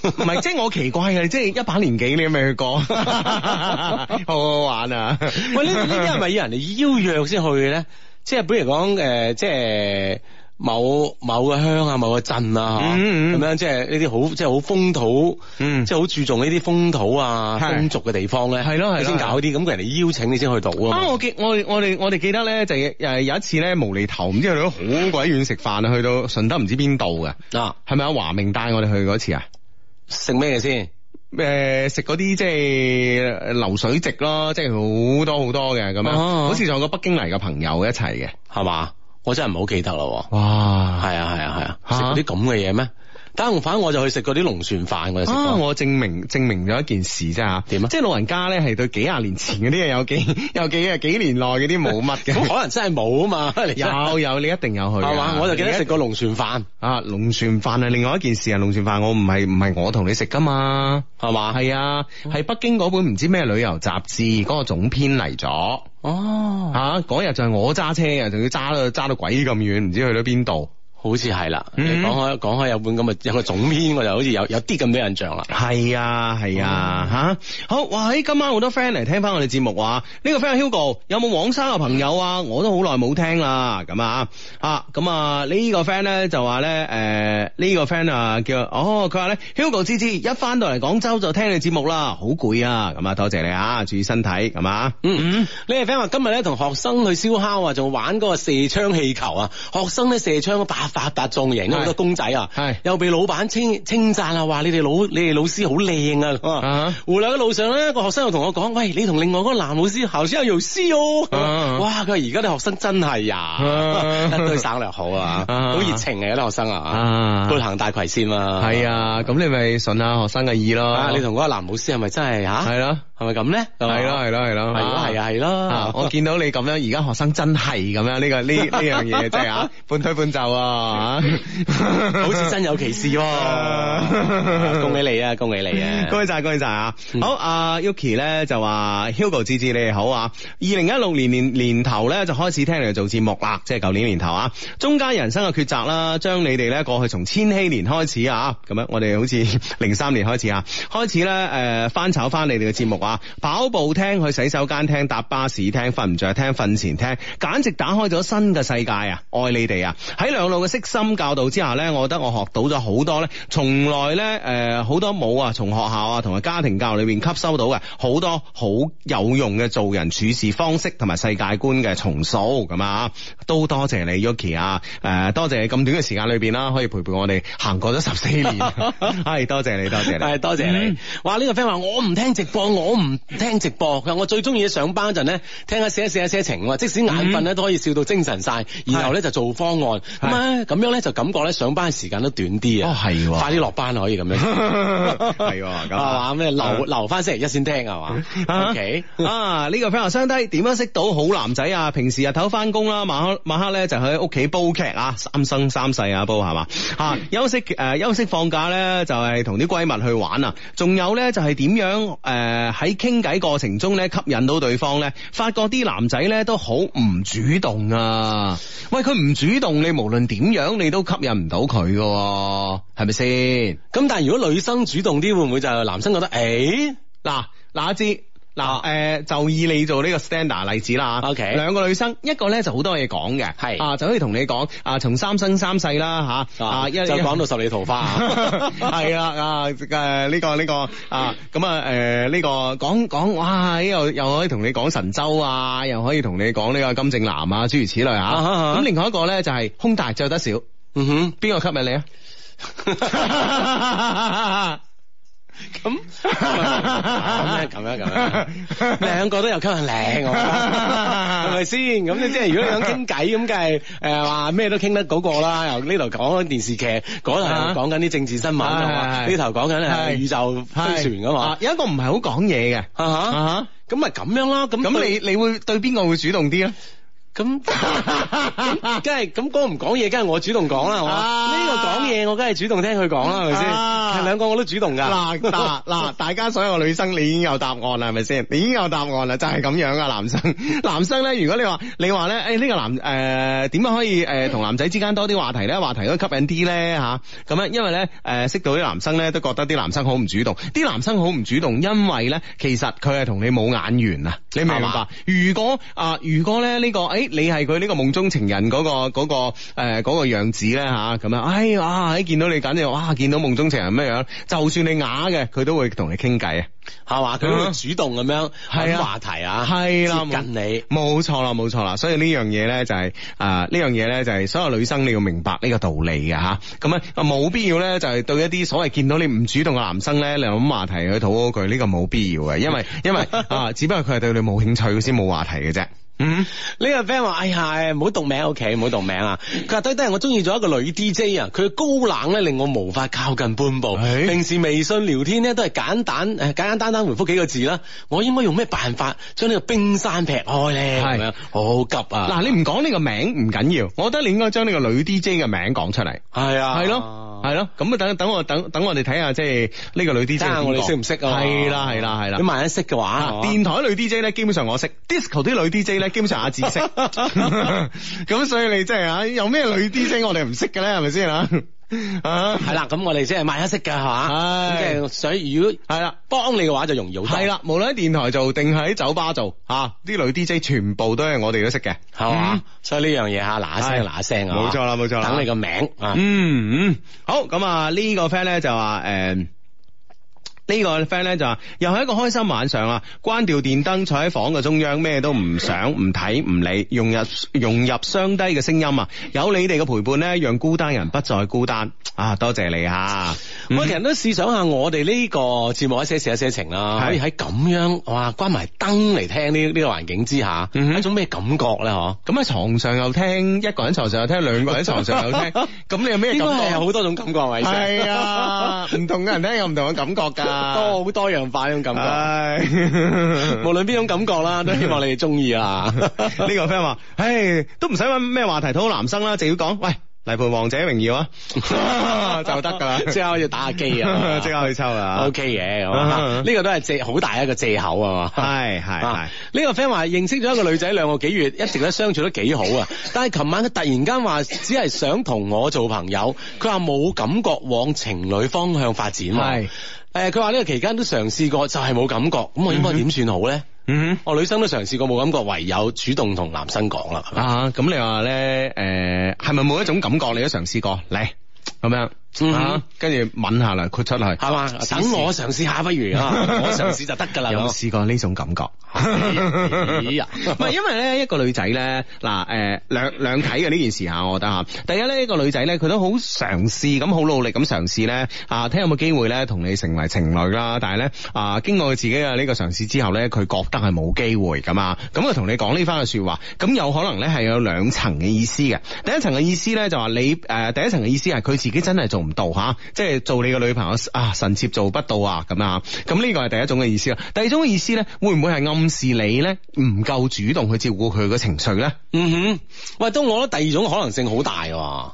吓？唔係， 即、就、係、是、我奇怪嘅，即、就、係、是、一把年紀你有未去過， 好好玩啊！喂，呢呢啲係咪要，要人哋邀約先去嘅咧？即係比如講誒，即係。呃就是某某嘅鄉啊，某個鎮啊，咁樣即係呢啲好，即係好風土，即係好注重呢啲風土啊、風俗嘅地方咧。係咯，係先搞啲，咁人哋邀請你先去到啊！我記我我哋我哋記得咧，就誒有一次咧無厘頭，唔知去到好鬼遠食飯啊，去到順德唔知邊度嘅。嗱，係咪阿華明帶我哋去嗰次啊？食咩嘢先？誒，食嗰啲即係流水席咯，即係好多好多嘅咁樣，好似仲有個北京嚟嘅朋友一齊嘅，係嘛？我真係唔好記得咯，哇！係啊係啊係啊，食啲咁嘅嘢咩？打紅飯我就去食嗰啲龍船飯，我就食過。我證明證明咗一件事啫吓，點啊？即係老人家咧，係對幾廿年前嗰啲嘢有幾有幾啊幾年內嗰啲冇乜嘅， 可能真係冇啊嘛？ 有有，你一定有去係嘛？ 我就記得食一過龍船飯啊！龍船飯係另外一件事龍吧啊！龍船飯我唔係唔係我同你食噶嘛？係嘛？係啊，係北京嗰本唔知咩旅遊雜誌嗰個總編嚟咗哦。吓，嗰日就係我揸車啊，仲要揸到揸到鬼咁遠，唔知去到邊度。好似係啦，講、mm hmm. 開講開有本咁嘅，有個總編，我就好似有有啲咁多印象啦。係啊係啊，吓、啊嗯啊、好哇！今晚好多 friend 嚟聽翻我哋節目啊。呢、這個 friend Hugo 有冇黃生啊朋友啊？我都好耐冇聽啦，咁啊啊咁啊呢個 friend 咧就話咧誒呢個 friend 叫哦佢話咧 Hugo 芝芝一翻到嚟廣州就聽你節目啦，好攰啊，咁啊多謝你啊，注意身體，係啊，嗯嗯，呢個 friend 話今日咧同學生去燒烤啊，仲玩嗰個射槍氣球啊，學生咧射槍八達造型好多公仔啊，又俾老闆，稱稱讚啊，話你哋老你哋老師好靚啊咁啊。回來嘅路上咧，個學生又同我講，喂，你同另外嗰個男老師，後生有老師哦。哇，佢話而家啲學生真係啊，一堆省略好啊，好熱情嘅啲學生啊，都行大葵先啊。係啊，咁你咪順下學生嘅意咯。你同嗰個男老師係咪真係吓？係咯。係咪咁咧？係咯，係咯，係咯，係咯，係啊，係咯，我見到你咁樣，而家學生真係咁樣，呢個呢呢樣嘢真係啊，半推半就啊，好似真有其事喎，恭喜你啊，恭喜你啊！恭喜晒，恭喜晒啊！好啊，Yuki 咧就話 Hugo 志志你哋好啊！二零一六年年年頭咧就開始聽你哋做節目啦，即係舊年年頭啊！中間人生嘅抉擇啦，將你哋咧過去從千禧年開始啊咁樣，我哋好似零三年開始啊，開始咧誒翻炒翻你哋嘅節目跑步聽，去洗手間聽，搭巴士聽，瞓唔着聽，瞓前聽，簡直打開咗新嘅世界啊！愛你哋啊！喺兩路嘅悉心教導之下咧，我覺得我學到咗好多咧，從來咧誒好多冇啊，從學校啊同埋家庭教育裏邊吸收到嘅好多好有用嘅做人處事方式同埋世界觀嘅重塑咁啊！都多謝你，Yuki 啊，誒，多謝你咁短嘅時間裏邊啦，可以陪伴我哋行過咗十四年，係多謝你，多謝你，係多謝你。哇，呢個 friend 話我唔聽直播，我唔聽直播，佢我最中意上班嗰陣咧，聽下笑下笑下笑情，即使眼瞓咧都可以笑到精神晒，然後咧就做方案咁啊，咁樣咧就感覺咧上班時間都短啲啊，哦係，快啲落班可以咁樣，係，係嘛，咩留留翻星期一先聽係嘛？OK，啊，呢個 friend 話相低，點樣識到好男仔啊？平時日頭翻工啦，晚晚黑咧就喺屋企煲劇啊，三生三世啊煲係嘛？吓 休息誒、呃、休息放假咧就係同啲閨蜜去玩啊，仲有咧就係、是、點樣誒喺傾偈過程中咧吸引到對方咧，發覺啲男仔咧都好唔主動啊，喂，佢唔主動你無論點樣你都吸引唔到佢㗎，係咪先？咁但係如果女生主動啲會唔會就男生覺得誒嗱嗱一支？欸嗱，誒就以你做呢個 standard 例子啦，Okay. 兩個女生，一個咧就好多嘢講嘅，係是啊，就可以同你講啊，從三生三世啦，嚇啊，一就講到十里桃花 啊，係、啊、啦、呢個，啊誒呢個呢個啊，咁啊誒呢、啊啊啊啊啊呢個講講，哇，依又又可以同你講神舟啊，又可以同你講呢個金正男啊，諸如此類嚇，咁另外一個咧就係胸大著得少，嗯哼，邊個吸引你啊？ 咁咁樣咁樣咁樣，兩 個都有吸引力，係咪先？咁你即係如果你想傾偈咁，梗係誒話咩都傾得嗰個啦。由呢頭講電視劇，嗰頭講緊啲政治新聞，咁呢頭講緊係宇宙飛船噶嘛。有一個唔係好講嘢嘅，啊哈啊哈，咁咪咁樣咯。咁咁你他你會對邊個會主動啲呀？咁，咁、啊，梗係咁講唔講嘢，梗、啊、係、啊啊、我主動講啦，係嘛？呢個講嘢，我梗係、這個、主動聽佢講啦，係咪先？兩、啊、個我都主動噶。嗱嗱、啊啊、 大家所有女生，你已經有答案啦，係咪先？你已經有答案啦，就係、是、咁樣啊，男生，男生咧，如果你話你話咧，誒、哎、呢、這個男誒點樣可以誒同、呃、男仔之間多啲話題咧？話題都吸引啲咧吓？咁、啊、咧，因為咧誒、呃、識到啲男生咧，都覺得啲男生好唔主動，啲男生好唔主動，因為咧，其實佢係同你冇眼緣啊，你明唔明白如、呃呃呃呃？如果啊、呃，如果咧呢、這個誒？你係佢呢個夢中情人嗰、嗰個嗰、嗰個誒、呃嗰個樣子咧吓咁啊！哎呀啊喺見到你緊嘅哇，見到夢中情人咩樣？就算你啞嘅，佢都會同你傾偈啊，係嘛？佢會主動咁樣開話題啊，係啦、啊，接近你，冇錯啦，冇錯啦。所以呢樣嘢咧就係誒呢樣嘢咧就係所有女生，你要明白呢個道理嘅吓咁啊，冇必要咧就係對一啲所謂見到你唔主動嘅男生咧，你諗話題去討好佢，呢個冇必要嘅，因為因為啊只不過佢係對你冇興趣先冇話題嘅啫。嗯，呢個 friend 話：哎呀，唔好讀名，O K，唔好讀名啊。佢話：等等，我中意咗一個女 D J 啊，佢高冷咧，令我無法靠近半步。欸、平時微信聊天咧，都係簡單，誒，簡簡單單單回覆幾個字啦。我應該用咩辦法將呢個冰山劈開咧？咁樣係啊好急啊！嗱、啊，你唔講呢個名唔緊要，我覺得你應該將呢個女 D J 嘅名講出嚟。係啊，係咯，係咯。咁啊，啊等等我等等我哋睇下，即係呢個女 D J 我哋識唔、啊啊啊啊、識？係啦，係啦，係啦。咁萬一識嘅話，啊、電台女 D J 咧，基本上我識，disco 啲女 D J 咧。兼常下知識咁，所以你真係啊，有咩女 DJ 我哋唔識嘅咧，係咪先吓？啊，係啦，咁我哋先係賣黑色噶吓，即係所以如果係啦，幫你嘅話就容易。係啦，無論喺電台做定係喺酒吧做吓，啲女 DJ 全部都係我哋都識嘅，係嘛？所以呢樣嘢吓，嗱一聲嗱一聲，冇錯啦，冇錯啦，等你個名。嗯嗯，好咁啊，呢個 friend 咧就話誒。呢個 friend 咧就話又係一個開心晚上啊！關掉電燈，坐喺房嘅中央，咩都唔想唔睇唔理，融入融入雙低嘅聲音啊！有你哋嘅陪伴咧，讓孤單人不再孤單啊！多謝你啊！嗯、我成日都試想下我哋呢個節目一些事一些情啦，試試試試可以喺咁樣哇關埋燈嚟聽呢呢、這個環境之下，一、嗯、哼種咩感覺咧？嗬、啊！咁喺床上又聽一個人在床上又聽兩個人喺床上又聽，咁 你有咩感覺？應該有好多種感覺係，係 啊，唔同嘅人咧有唔同嘅感覺噶。 多好多樣化嗰種感覺， 無論邊種感覺啦，都希望你哋中意啦。呢 個 friend 話，唉， 都唔使搵咩話題，討好男生啦，就要講喂嚟盤王者榮耀啊，就得噶啦，即刻要打下機啊，即 刻去抽啦。O K 嘅，呢 個都係借好大一個借口啊嘛。係係係。呢、這個 friend 話認識咗一個女仔兩個幾月，一直都相處得幾好啊。但係琴晚佢突然間話只係想同我做朋友，佢話冇感覺往情侶方向發展係。 誒，佢話呢個期間都嘗試過，就係、是、冇感覺，咁我應該點算好咧？嗯哼，哦，嗯、哼我女生都嘗試過冇感覺，唯有主動同男生講啦。啊，咁你話咧，誒、呃，係咪冇一種感覺？你都嘗試過嚟咁樣。跟住吻下啦，豁出去，係嘛吧？等試我嘗試下不如， 我嘗試就得噶啦。有冇試過呢種感覺，唔係 因為咧一個女仔咧，嗱，誒兩兩睇嘅呢件事吓，我覺得吓。第一呢一個女仔咧，佢都好嘗試咁，好努力咁嘗試咧，啊，睇有冇機會咧同你成為情侶啦。但係咧啊，經過佢自己嘅呢個嘗試之後咧，佢覺得係冇機會噶嘛。咁啊同你講呢番嘅說話，咁有可能咧係有兩層嘅意思嘅。第一層嘅意思咧就話你誒，第一層嘅意思係佢自己真係仲唔到吓，即係做你個女朋友啊，臣妾做不到啊咁啊，咁呢個係第一種嘅意思啦。第二種嘅意思咧，會唔會係暗示你咧唔夠主動去照顧佢嘅情緒咧？嗯哼，喂，都我覺得第二種可能性好大，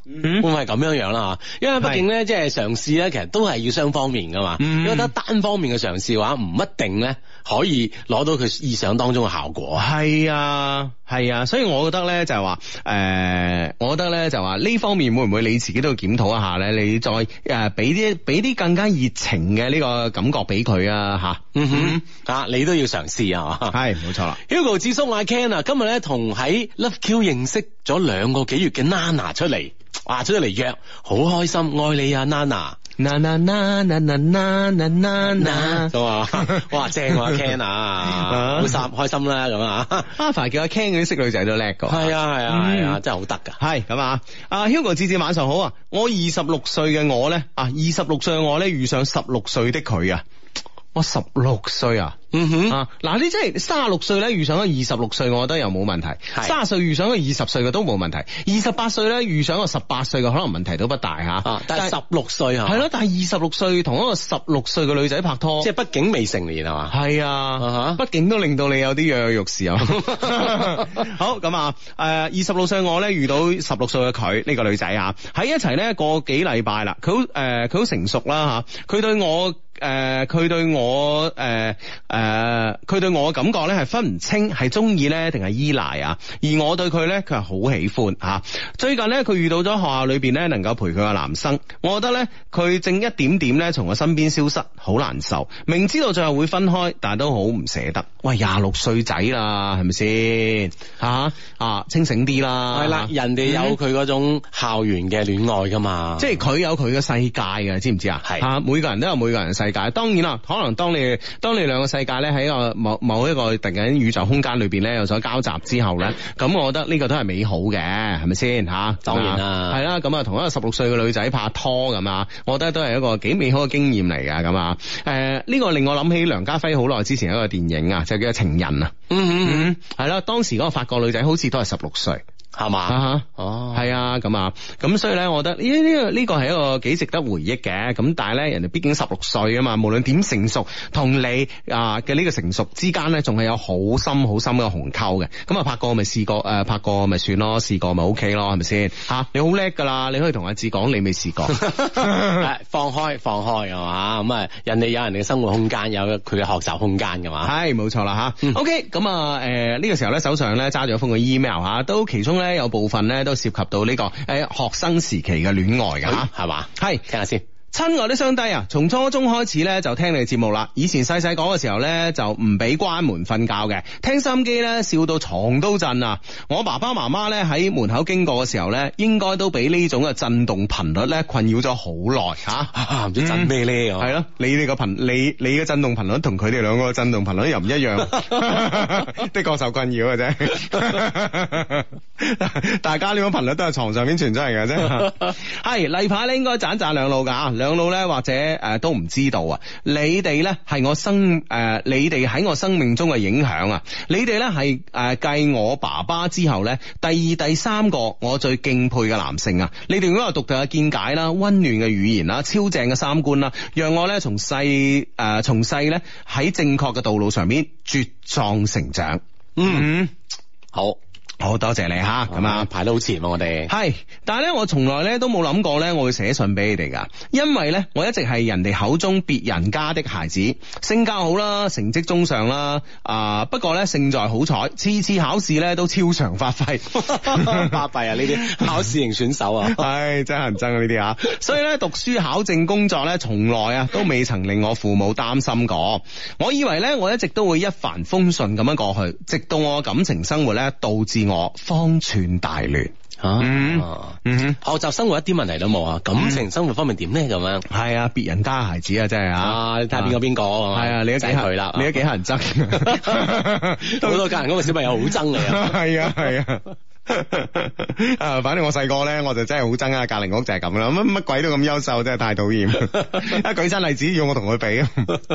嗯哼，會唔會係咁樣樣啦？因為畢竟咧，即係嘗試咧，其實都係要雙方面噶嘛。你是覺得單方面嘅嘗試嘅話，唔一定咧可以攞到佢意想當中嘅效果。係啊，係啊，所以我覺得咧就係話，誒、呃，我覺得咧就話呢方面會唔會你自己都要檢討一下咧？你再誒俾啲俾啲更加熱情嘅呢個感覺俾佢啊吓嗯哼，啊，你都要嘗試啊。嘛， 係冇錯啦。Hugo 智叔阿 Ken 啊，今日咧同喺 Love Q 認識咗兩個幾月嘅 Nana 出嚟，啊，出咗嚟約好開心，愛你啊 Nana！嗱嗱嗱嗱嗱嗱嗱嗱嗱，咁啊，哇正啊 Ken 啊， 好開心啦咁啊，阿哈、 啊、凡叫阿 Ken，佢識女仔都叻過、啊，係啊係啊，係啊，啊，啊，真係好得㗎，係，咁啊，阿、啊 uh, Hugo 智子晚上好、uh, 上 啊，我二十六歲嘅我咧啊，二十六歲嘅我咧遇上十六歲的佢啊，我十六歲啊。嗯哼啊，嗱，你真係卅六歲咧遇上個二十六歲，我覺得又冇問題。卅是歲遇上個二十歲嘅都冇問題。二十八歲咧遇上個十八歲嘅可能問題都不大吓、啊。但係十六歲啊，係咯，但係二十六歲同一個十六歲嘅女仔拍拖，即係畢竟未成年啊嘛？係的啊哈，畢竟都令到你有啲躍躍欲試啊 好。好咁啊，誒，二十六歲我咧遇到十六歲嘅佢呢個女仔啊，喺一齊咧過幾禮拜啦。佢好誒，佢好成熟啦吓，佢對我。誒，佢、呃、對我誒誒，佢、呃、對我嘅感覺咧係分唔清，係中意咧定係依賴啊。而我對佢咧，佢係好喜歡吓、啊、最近咧，佢遇到咗學校裏邊咧能夠陪佢嘅男生，我覺得咧佢正一點點咧從我身邊消失，好難受。明知道最後會分開，但係都好唔捨得。喂，廿六歲仔啦，係咪先？吓啊，清醒啲啦。係啦，人哋有佢嗰種校園嘅戀愛噶嘛，即係佢有佢嘅世界嘅，知唔知是啊？係吓，每個人都有每個人嘅世界。當然啦，可能當你當你兩個世界咧喺個某某一個突然間宇宙空間裏邊咧有所交集之後咧，咁 我覺得呢個都係美好嘅，係咪先吓？當然啦，係啦，咁啊，同一個十六歲嘅女仔拍拖咁啊，我覺得都係一個幾美好嘅經驗嚟噶。咁、呃、誒，呢、呢個令我諗起梁家輝好耐之前一個電影啊，就叫《情人》啊。嗯嗯嗯，係啦，當時嗰個法國女仔好似都係十六歲。係嘛？哦一，係、嗯、一啊，咁啊，咁、啊、所以咧，我覺得呢呢呢個係一個幾值得回憶嘅。咁但係咧，人哋畢竟十六歲啊嘛，無論點成熟，同你啊嘅呢個成熟之間咧，仲係有好深好深嘅鴻溝嘅。咁、嗯、啊一，拍過咪試過，誒，拍過咪算咯，試過咪 O K 咯，係咪先？吓、啊，你好叻噶啦，你可以同阿志講，你未試過一一、啊，放開放開啊嘛。咁啊、嗯嗯一，人哋有人哋嘅生活空間，有佢嘅學習空間噶嘛。係，冇錯啦吓。O K，咁啊，誒呢個時候咧，手上咧揸住一封嘅 email 吓，都其中，其中咧有部分咧都涉及到呢、這個誒、欸、學生時期嘅戀愛噶吓，係嘛？係，聽下先。親愛的相弟啊，從初中開始咧就聽你節目啦。以前細細個嘅時候咧就唔俾關門瞓覺嘅，聽心機咧笑到床都震啊。我爸爸媽媽咧喺門口經過嘅時候咧，應該都俾呢種嘅震動頻率咧困擾咗好耐吓。唔知震咩呢？係咯，你哋個頻，你你嘅震動頻率同佢哋兩個嘅震動頻率又唔一樣，的確受困擾嘅啫。大家呢種頻率都係床上邊傳出嚟嘅啫。係例牌咧，應該賺一賺兩路噶。兩老咧，或者誒、呃、都唔知道啊！你哋咧係我生誒、呃，你哋喺我生命中嘅影響啊！你哋咧係誒，繼、呃、我爸爸之後咧，第二、第三個我最敬佩嘅男性啊！你哋擁有獨特嘅見解啦、温暖嘅語言啦、超正嘅三觀啦，讓我咧從細誒從細咧喺正確嘅道路上面茁壯成長。嗯，好。好多謝你哈，咁啊樣排得好前咯，啊，我哋們係，但係咧我從來咧都冇諗過咧我會寫信俾你哋噶因為咧我一直係人哋口中別人家的孩子，性格好啦，成績中上啦，啊不過咧勝在好彩，次次考試咧都超常發揮，巴閉啊呢啲考試型選手啊，唉， 哎，真係人憎啊呢啲啊， 所以咧讀書考證工作咧從來啊都未曾令我父母擔心過，我以為咧我一直都會一帆風順咁樣過去，直到我感情生活咧導致我。我方寸大亂吓，學習生活一啲問題都冇啊，感情生活方面點咧咁樣？係啊，別人家孩子啊，真係啊，睇下邊個邊個係啊，你都睇佢啦，你都幾乞人憎，好多隔籬屋嘅小朋友好憎你啊，係啊係啊，啊，反正我細個咧我就真係好憎啊，隔籬屋就係咁啦，乜乜鬼都咁優秀，真係太討厭，一舉出例子要我同佢比。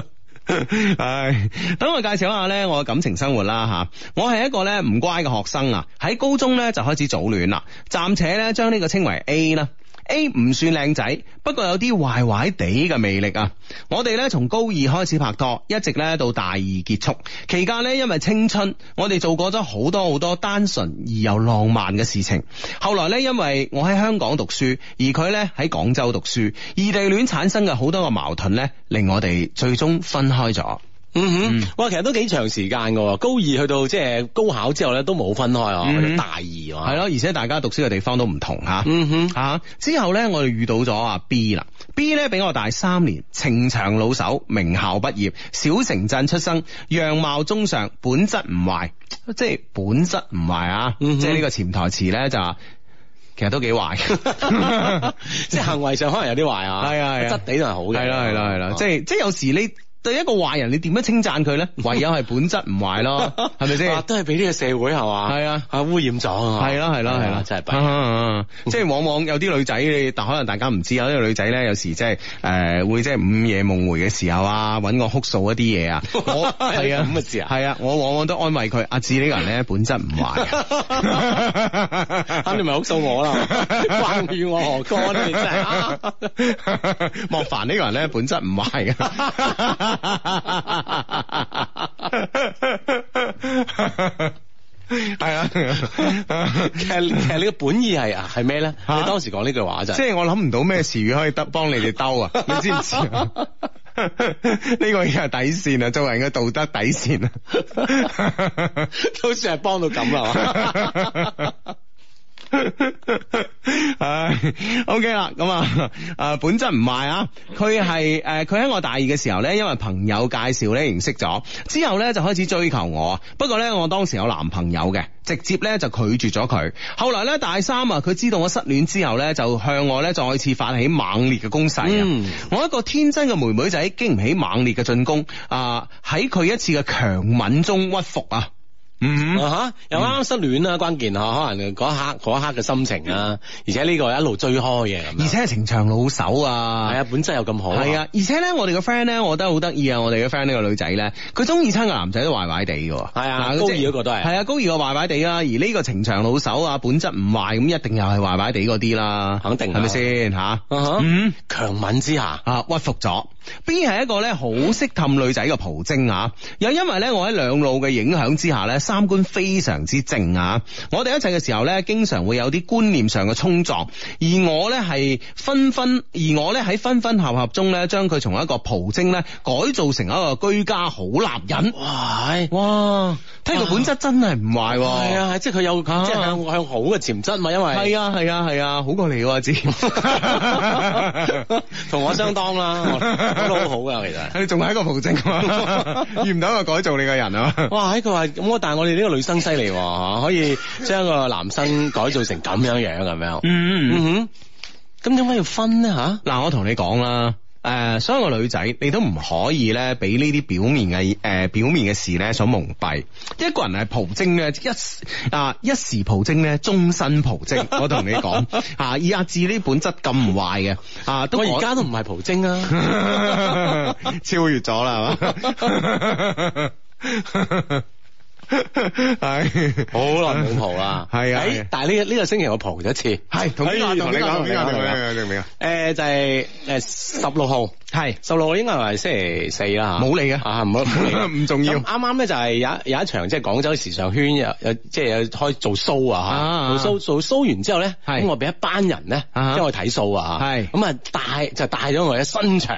唉，等、 哎、我介紹一下咧，我嘅感情生活啦吓，我係一個咧唔乖嘅學生啊，喺高中咧就開始早戀啦，暫且咧將呢個稱為 A 啦。A 唔算靚仔，不過有啲壞壞地嘅魅力啊！我哋呢，從高二開始拍拖，一直呢到大二結束。期間呢，因為青春，我哋做過咗好多好多單純而又浪漫嘅事情。後來呢，因為我喺香港讀書，而佢呢喺廣州讀書，異地戀產生嘅好多個矛盾呢，令我哋最終分開咗。嗯哼，哇，其實都幾長時間噶，高二去到即係高考之後咧，都冇分開，去到大二，係咯，而且大家讀書嘅地方都唔同吓。嗯哼，啊，之後咧我哋遇到咗阿 B 啦，B 咧比我大三年，情場老手，名校畢業，小城鎮出生，樣貌中上，本質唔壞，即係本質唔壞啊，即係呢個潛台詞咧就，其實都幾壞，即係行為上可能有啲壞啊，係啊，質地都係好嘅，係啦係啦係啦，即係即係有時你。對一個壞人，你點樣稱讚佢咧？唯有係本質唔壞咯，係咪先？都係俾呢個社會係嘛？係啊，啊污染咗啊！係咯係咯係咯，真係弊啊！即係往往有啲女仔，但可能大家唔知啊，有啲女仔咧，有時即係誒、呃、會即係午夜夢回嘅時候哇我啊，揾我哭訴一啲嘢啊。我係啊咁嘅事啊。係啊，我往往都安慰佢，阿志呢個人咧本質唔壞。咁 你咪哭訴我啦，關我我何干？真係 莫凡呢、這個人咧本質唔壞噶。 係啊，其實 其實你個本意係係咩咧？啊、你當時講呢句話就，即係我諗唔到咩詞語可以得幫你哋兜啊！你知唔知啊？呢個已經係底綫啊，作為人嘅道德底綫啊， 都算係幫到咁啦 唉、 uh,，OK 啦，咁、uh, 啊，誒，本質唔賣啊。佢係誒，佢喺我大二嘅時候呢，因為朋友介紹呢，認識咗，之後呢，就開始追求我。不過呢，我當時有男朋友嘅，直接呢就拒絕咗佢。後來呢，大三啊，佢知道我失戀之後呢，就向我呢再次發起猛烈嘅攻勢。啊、嗯。我一個天真嘅妹妹仔，係經唔起猛烈嘅進攻啊，喺、uh, 佢一次嘅強吻中屈服啊。嗯吓、mm hmm. uh huh, 又啱啱失戀啦，關鍵可能嗰一刻嗰一刻嘅心情啊，而且呢個一路追開嘅，而且係情場老手啊，係 啊，本質又咁好，係啊，而且咧我哋嘅 friend 咧，我覺得好得意啊，我哋嘅 friend 呢個女仔咧，佢中意親嘅男仔都壞壞地嘅，係啊， 高二嗰個都係，係啊，高二個壞壞地啊，而呢個情場老手啊，本質唔壞，咁一定又係壞壞地嗰啲啦，肯定係咪先吓？嗯吧，強吻、uh huh. 之下啊、uh, 屈服咗。B 係一個咧好識氹女仔嘅蒲精啊！又因為咧我喺兩路嘅影響之下咧，三觀非常之正啊！我哋一齊嘅時候咧，經常會有啲觀念上嘅衝撞，而我咧係分分，而我咧喺分分合合中咧，將佢從一個蒲精咧改造成一個居家好男人。哇！哇睇佢本質真係唔壞喎，係啊，即係佢有，即係向好嘅潛質嘛，因為係啊係啊係啊，啊，啊，啊，好過你喎，啊，子同 我相當啦，都好好㗎，其實佢仲係一個無證，遇唔到個改造你嘅人啊哇！喺佢話咁，但係我哋呢個女生犀利嚇，可以將個男生改造成咁樣樣咁樣。是是 嗯嗯，咁點解要分呢？嚇，啊？嗱，啊，我同你講啦。誒、呃，所有個女仔你都唔可以咧，俾呢啲表面嘅，誒、呃，表面嘅事咧所蒙蔽。一個人係蒲精咧，一啊一時蒲精咧，終身蒲精。我同你講，啊以阿智呢本質咁唔壞嘅，啊我而家都唔係蒲精啊， 超越咗啦，係嘛。 係好耐冇蒲啊！係啊，但係呢個呢個星期我蒲咗一次，係同邊個同你講？邊個講你明唔明啊？誒，就係誒十六號，係十六號應該係咪星期四啦吓？冇你嘅啊，唔好唔重要。啱啱咧就係有有一場，即係廣州時尚圈有有即係開做 show 啊吓，做 show 做 show 完之後咧，咁我俾一班人咧即係去睇 show 啊吓，咁啊，帶就帶咗我哋嘅新場。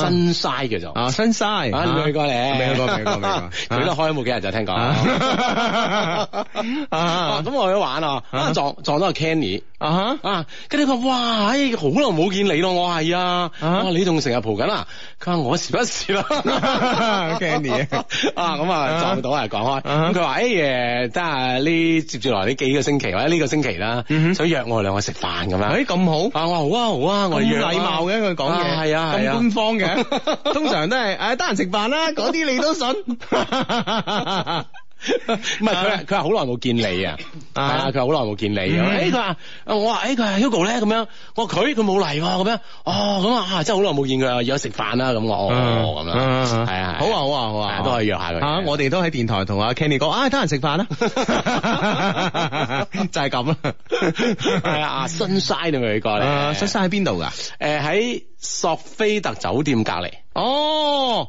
新曬叫做，啊新曬，未過嚟，未去過未去過未去過，佢都開咗冇幾日就聽講啊咁、 啊、我去玩啊，啊撞撞咗個 Kenny 啊哈啊！跟住佢話哇，哎，好耐冇見你咯，我係啊，我話，你仲成日蒲緊啊！佢話我時不時啦驚你啊，咁啊撞到啊，講開咁佢話哎耶，得啊，呢接住來呢幾個星期或者呢個星期啦，想約我哋兩個食飯咁樣，哎咁好，我話好啊好啊，我約，咁禮貌嘅佢講嘢，係啊係啊，官方嘅，通常都係誒得閒食飯啦，嗰啲你都信。唔係佢，佢話好耐冇見你啊，啊，佢話好耐冇見你啊。佢話，我話，誒，佢係 Hugo 咧咁樣，我話佢，佢冇嚟喎咁樣。哦，咁啊，真係好耐冇見佢啦，約食飯啦咁咯，哦咁啦，係啊，好啊，好啊，好啊，都可以約下佢。嚇，我哋都喺電台同阿 Kenny 講，啊，得閒食飯啦，就係咁啦。係啊，Sunshine 同佢過嚟。Sunshine 喺邊度㗎？誒，喺索菲特酒店隔離。哦。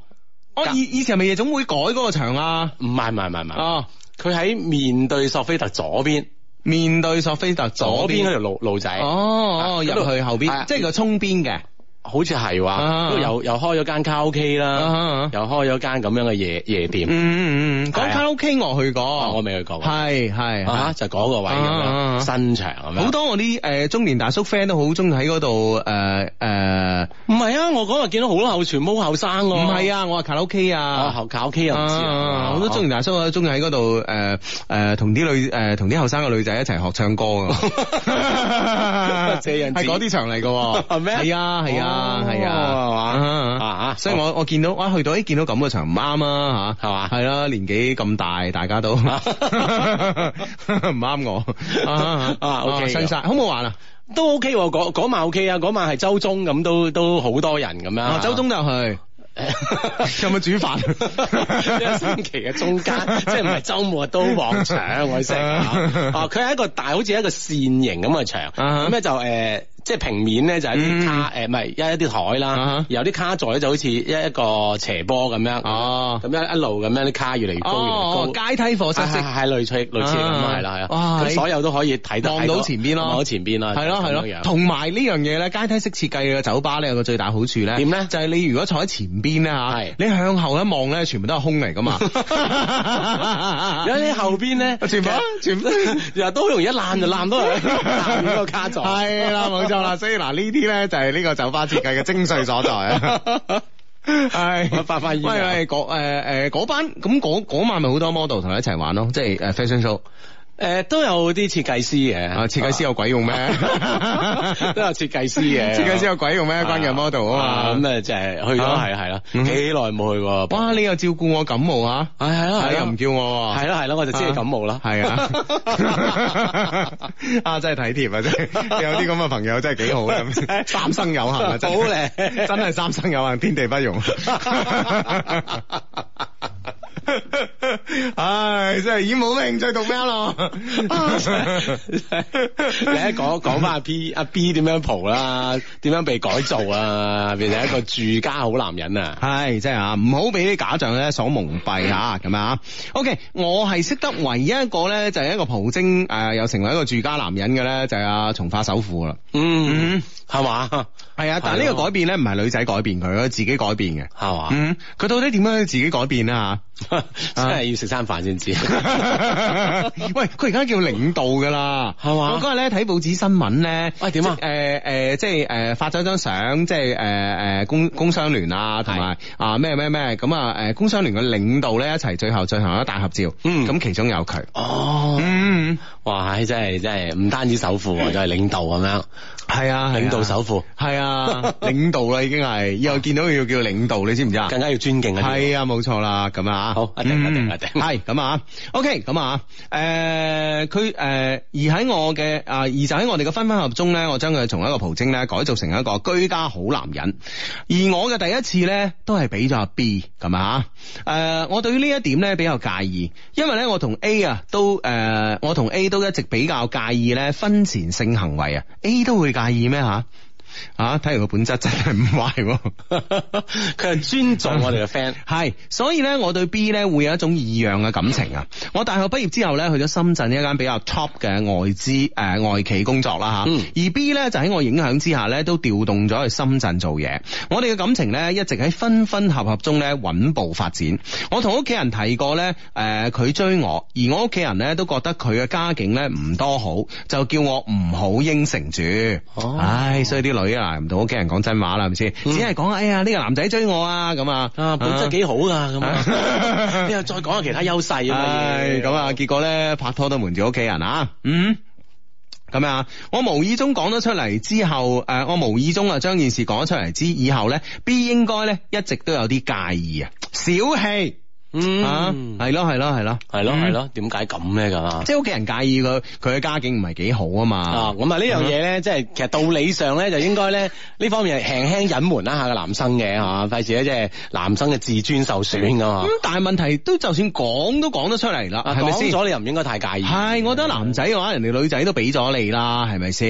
我以，哦，以前係咪夜總會改嗰個場啊？唔係唔係唔係唔係，哦，佢喺面對索菲特左邊，面對索菲特左邊嗰條路路仔，哦，哦哦，入是去後邊，的即係個冲邊嘅。好似係話，都又又開咗間卡拉 O K 啦，又開咗間咁樣嘅夜夜店。嗯，講卡拉 O K 我去過，我未去過。係係吓，就嗰個位，新場係咩？好多我啲誒中年大叔 friend 都好中意喺嗰度誒誒，唔係啊，我嗰日見到好多，全部好後生。唔係啊，我話卡拉 O K 啊，後卡拉 O K 又唔知。好多中年大叔都中意喺嗰度誒誒，同啲女誒同啲後生嘅女仔一齊學唱歌啊。借人字嗰啲場嚟嘅，係咩？係啊係啊。係啊，係嘛，啊啊，所以我我見到哇，去到咦，見到咁嘅場唔啱啊，吓係嘛，係咯，年紀咁大，大家都唔啱我啊，啊，新沙好唔好玩啊？都 OK，嗰嗰晚 OK 啊，嗰晚係周中咁，都都好多人咁樣。周中就去，有冇煮飯？一星期嘅中間，即係唔係周末都旺場，我哋食啊。哦，佢係一個大，好似一個扇形咁嘅場，咁咧就誒。即係平面咧，就一啲卡誒，唔係一一啲台啦，有啲卡座咧，就好似一一個斜坡咁樣。哦，咁一一路咁樣啲卡越嚟越高。越高。階梯式設計，係類似類似咁係啦，係啊。所有都可以睇到，望到前邊咯，望到前邊咯。係咯係咯。同埋呢樣嘢咧，階梯式設計嘅酒吧咧，有個最大好處咧點咧？就係你如果坐喺前邊咧嚇，你向後一望咧，全部都係空嚟噶嘛。有啲後邊咧，全部全部都好容易一攬就攬到人，攬到個卡座。係啦，冇所以嗱呢啲咧就係呢個酒吧設計嘅精髓所在啊！係快快意，係嗰誒誒嗰班咁嗰嗰晚咪好多 model 同佢一齊玩咯，即係誒 fashion show。誒，都有啲設計師嘅，啊，設計師有鬼用咩？都有設計師嘅，設計師有鬼用咩？關鍵 model 啊嘛，咁啊就係去咗，係啦，係啦，幾耐冇去？哇，你又照顧我感冒啊，係啦，你又唔叫我，係啦，係啦，我就知你感冒啦，係啊，啊，真係體貼啊，真係，有啲咁嘅朋友真係幾好嘅，三生有幸啊，真係，好靚，真係三生有幸，天地不容。 唉，真係已經冇咩興趣讀咩咯。你一講講翻阿 P 阿 B 點樣蒲啦，點樣被改造啊，變成一個住家好男人啊？係真係啊，唔好俾啲假象咧所蒙蔽啊。咁啊。O、okay, K，我係識得唯一一個咧，就係一個蒲精誒，又、呃、成為一個住家男人嘅咧，就係阿從化首富啦、嗯。嗯，係嘛 吧？係啊，但係呢個改變咧，唔係女仔改變佢，自己改變嘅係嘛？吧嗯，佢到底點樣自己改變啊？ 真係要食餐飯先知。 喂，佢而家叫領導噶啦，係嘛吧？我嗰日咧睇報紙新聞咧，喂點、呃呃、是啊？誒誒，即係誒發咗張相，即係誒誒，工工商聯啊，同埋啊咩咩咩咁啊，誒工商聯嘅領導咧一齊最後進行一大合照，嗯，咁其中有佢，哦，嗯。哇！真係真係唔單止首富，就係領導咁樣。係啊，領導首富。係啊，啊 領導啦，已經係。又見到佢要叫領導，你知唔知啊？更加要尊敬啊！係啊，冇錯啦。咁、嗯、啊，好，一定一定一定，係咁啊。O K，咁啊，誒，佢、呃、誒，而喺我嘅啊、呃，而就喺我哋嘅分分合合中咧，我將佢從一個蒲精咧改造成一個居家好男人。而我嘅第一次咧，都係俾咗阿 B 咁啊誒、呃，我對於呢一點咧比較介意，因為咧我同 A 啊都誒，我同 A 都。呃呃都一直比較介意咧婚前性行為啊，A 都會介意咩吓？啊！睇嚟佢本質真係唔壞，佢 係尊重我哋嘅 friend，係所以咧，我對 B 咧會有一種異樣嘅感情啊！我大學畢業之後咧，去咗深圳一間比較 top 嘅外資誒、呃、外企工作啦吓，啊嗯、而 B 咧就喺我影響之下咧，都調動咗去深圳做嘢。我哋嘅感情咧一直喺分分合合中咧穩步發展。我同屋企人提過咧，誒、呃、佢追我，而我屋企人咧都覺得佢嘅家境咧唔多好，就叫我唔好應承住。哦、唉，所以啲女。嗱，唔同屋企人講真話啦，係咪先？只係講，哎呀，呢、這個男仔追我啊，咁啊，本質幾好啊，咁啊，之後、啊啊、 再講下其他優勢咁啊？咁唉啊，啊結果咧拍拖都瞞住屋企人啊，嗯，咁啊，我無意中講咗出嚟之後，誒、呃，我無意中啊將件事講咗出嚟之以後咧，B 應該咧一直都有啲介意啊，小氣。嗯，係咯、啊，係咯，係咯，係咯，係咯、嗯，點解咁咩噶？即係屋企人介意佢佢嘅家境唔係幾好啊嘛。咁啊呢、嗯、樣嘢咧，即係的其實道理上咧就應該咧呢方面輕輕隱瞞一下個男生嘅吓，嘛、啊，費事咧即係男生嘅自尊受損咁啊。咁、嗯、但係問題都就算講都講得出嚟啦，係咪先？講咗你又唔應該太介意。係，我覺得男仔嘅話，人哋女仔都俾咗你啦，係咪先？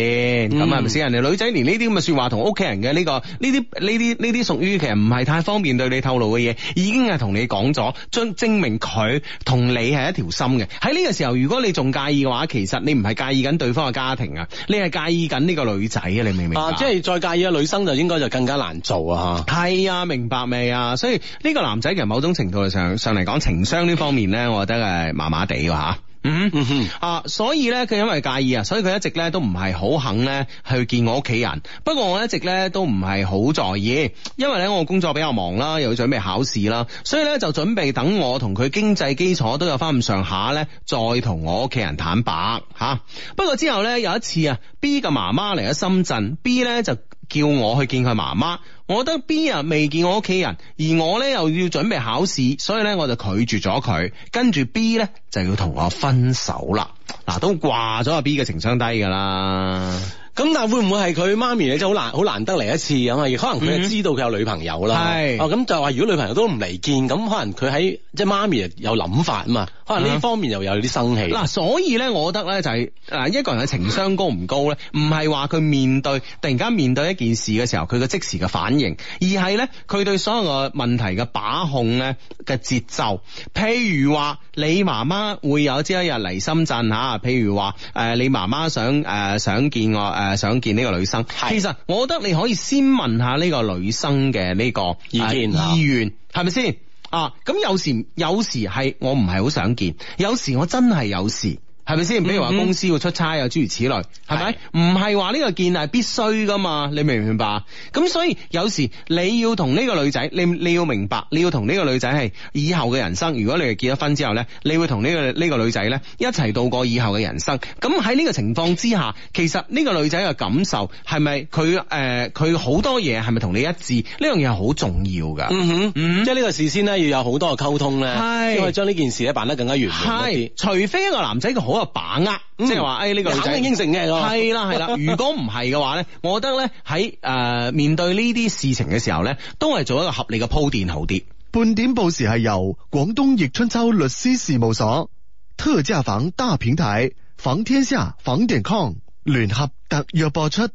咁係咪先？人哋女仔連呢啲咁嘅說話同屋企人嘅呢、這個呢啲呢啲呢啲屬於其實唔係太方便對你透露嘅嘢，已經係同你講咗。證明佢同你係一條心嘅，喺呢個時候如果你仲介意嘅話，其實你唔係介意緊對方嘅家庭啊，你係介意緊呢個女仔啊，你明唔明啊？即係再介意個女生就應該就更加難做啊吓。係啊，明白未啊？所以呢個男仔其實某種程度上上嚟講，情商呢方面呢，我覺得係麻麻地嘅嗯哼 啊，所以咧佢因為介意啊，所以佢一直咧都唔係好肯咧去見我屋企人。不過我一直咧都唔係好在意，因為咧我工作比較忙啦，又要準備考試啦，所以咧就準備等我同佢經濟基礎都有翻咁上下咧，再同我屋企人坦白吓，啊。不過之後咧有一次啊，B 嘅媽媽嚟咗深圳，B 咧就叫我去見佢媽媽。我覺得 B 啊，未見我屋企人，而我咧又要準備考試，所以咧我就拒絕咗佢。跟住 B 咧就要同我分手啦。嗱，都掛咗阿 B 嘅情商低噶啦。咁但係會唔會係佢媽咪咧，即係好難好難得嚟一次咁啊？而可能佢知道佢有女朋友啦，哦咁就話，如果女朋友都唔嚟見，咁可能佢喺即係媽咪有諗法啊嘛，可能呢方面又有啲生氣。嗱、嗯啊，所以咧，我覺得咧就係誒，一個人嘅情商高唔高咧，唔係話佢面對突然間面對一件事嘅時候，佢嘅即時嘅反應，而係咧佢對所有嘅問題嘅把控咧嘅節奏。譬如話你媽媽會有朝一日嚟深圳吓，譬如話誒你媽媽想誒、呃、想見我誒。呃係想見呢個女生，是其實我覺得你可以先問下呢個女生嘅呢、呢個意見意願，係咪先？啊，咁、啊、有時有時係我唔係好想見，有時我真係有事。係咪先？比如話公司會出差啊，諸如此類，係咪？唔係話呢個建立係必須噶嘛？你明唔明白？咁所以有時你要同呢個女仔，你你要明白，你要同呢個女仔係以後嘅人生。如果你係結咗婚之後咧，你會同呢個呢個女仔咧一齊度過以後嘅人生。咁喺呢個情況之下，其實呢個女仔嘅感受係咪佢誒佢好多嘢係咪同你一致？呢樣嘢係好重要噶。嗯哼嗯、即係呢個事先呢，要有好多嘅溝通咧，先是可以將呢件事咧辦得更加圓滿。係，除非一個男仔佢好都把握，即係話，嗯、哎，呢、這個女肯定應承嘅，係啦， 係啦。如果唔係嘅話咧，我覺得咧喺誒面對呢啲事情嘅時候咧，都係做一個合理嘅鋪墊好啲。半點報時係由廣東易春秋律師事務所、特價房大平台、房天下房定康聯合特約播出。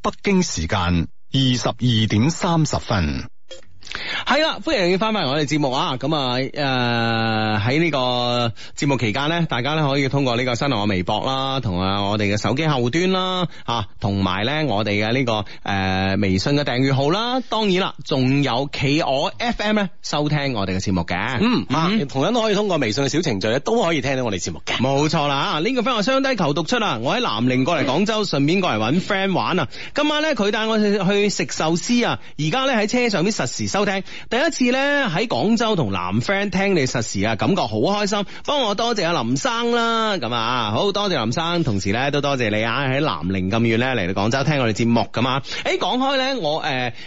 北京時間二十二點三十分。係啦，歡迎你翻返嚟我哋節目啊！咁、呃、啊，誒喺呢個節目期間呢，大家呢可以通過呢個新浪嘅微博啦，同啊我哋嘅手機客戶端啦，啊同埋呢我哋嘅呢個誒、呃、微信嘅訂閱號啦，當然啦，仲有企鵝 FM 呢收聽我哋嘅節目嘅、嗯。嗯、啊，同樣都可以通過微信嘅小程序咧，都可以聽到我哋節目嘅。冇錯啦，啊、這、呢個 friend 雙低求讀出啊！我喺南寧過嚟廣州，順、嗯、便過嚟揾 friend 玩啊！今晚呢，佢帶我去食壽司啊！而家呢，喺車上邊實時收。聽第一次咧喺廣州同男 friend 聽你實時啊，感覺好開心。幫我多謝阿林生啦，咁啊好多謝林生，同時咧都多謝你啊喺南寧咁遠咧嚟到廣州聽我哋節目噶嘛。誒講開咧，我誒誒、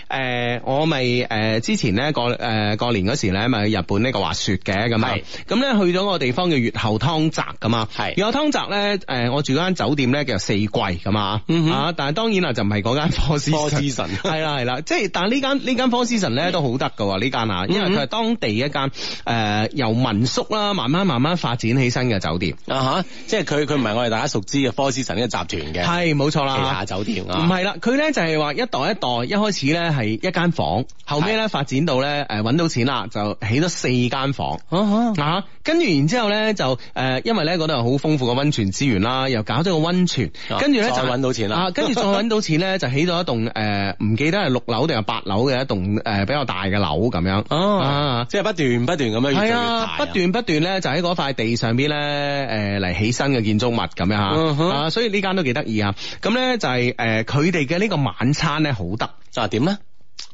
呃呃、我咪誒、呃、之前咧過誒、呃、過年嗰時咧咪去日本呢個滑雪嘅咁啊。咁咧係去咗個地方叫越後湯澤噶嘛。係越後湯澤咧誒我住間酒店咧叫四季噶嘛啊，但係當然啊就唔係嗰間 Four Seasons。Four Seasons 係啦係啦，即係但係呢間呢間 Four Seasons 咧都。好得噶呢間啊，因為佢係當地一間誒、呃、由民宿啦、啊，慢慢慢慢發展起身嘅酒店啊嚇，即係佢佢唔係我哋大家熟知嘅科斯臣嘅集團嘅，係冇錯啦。旗下酒店啊。唔係啦，佢咧就係、是、話一代一代，一開始咧係一間房，後尾咧發展到咧誒揾到錢啦，就起咗四間房啊,哈啊跟住然之後咧就誒、呃，因為咧嗰度有好豐富嘅温泉資源啦，又搞咗個温泉，跟住咧就揾到錢啦，跟住、啊、再揾到錢咧、 啊、就起咗一棟誒，唔、呃呃、記得係六樓定係八樓嘅一棟誒比較大嘅樓咁樣，哦，啊、即係不斷不斷咁、啊呃、樣，係啊、嗯哼，不斷不斷咧，就喺嗰塊地上邊咧，誒嚟起新嘅建築物咁樣吓，啊，所以呢間都幾得意啊。咁咧就係、是、誒，佢哋嘅呢個晚餐咧好得就係點咧？啊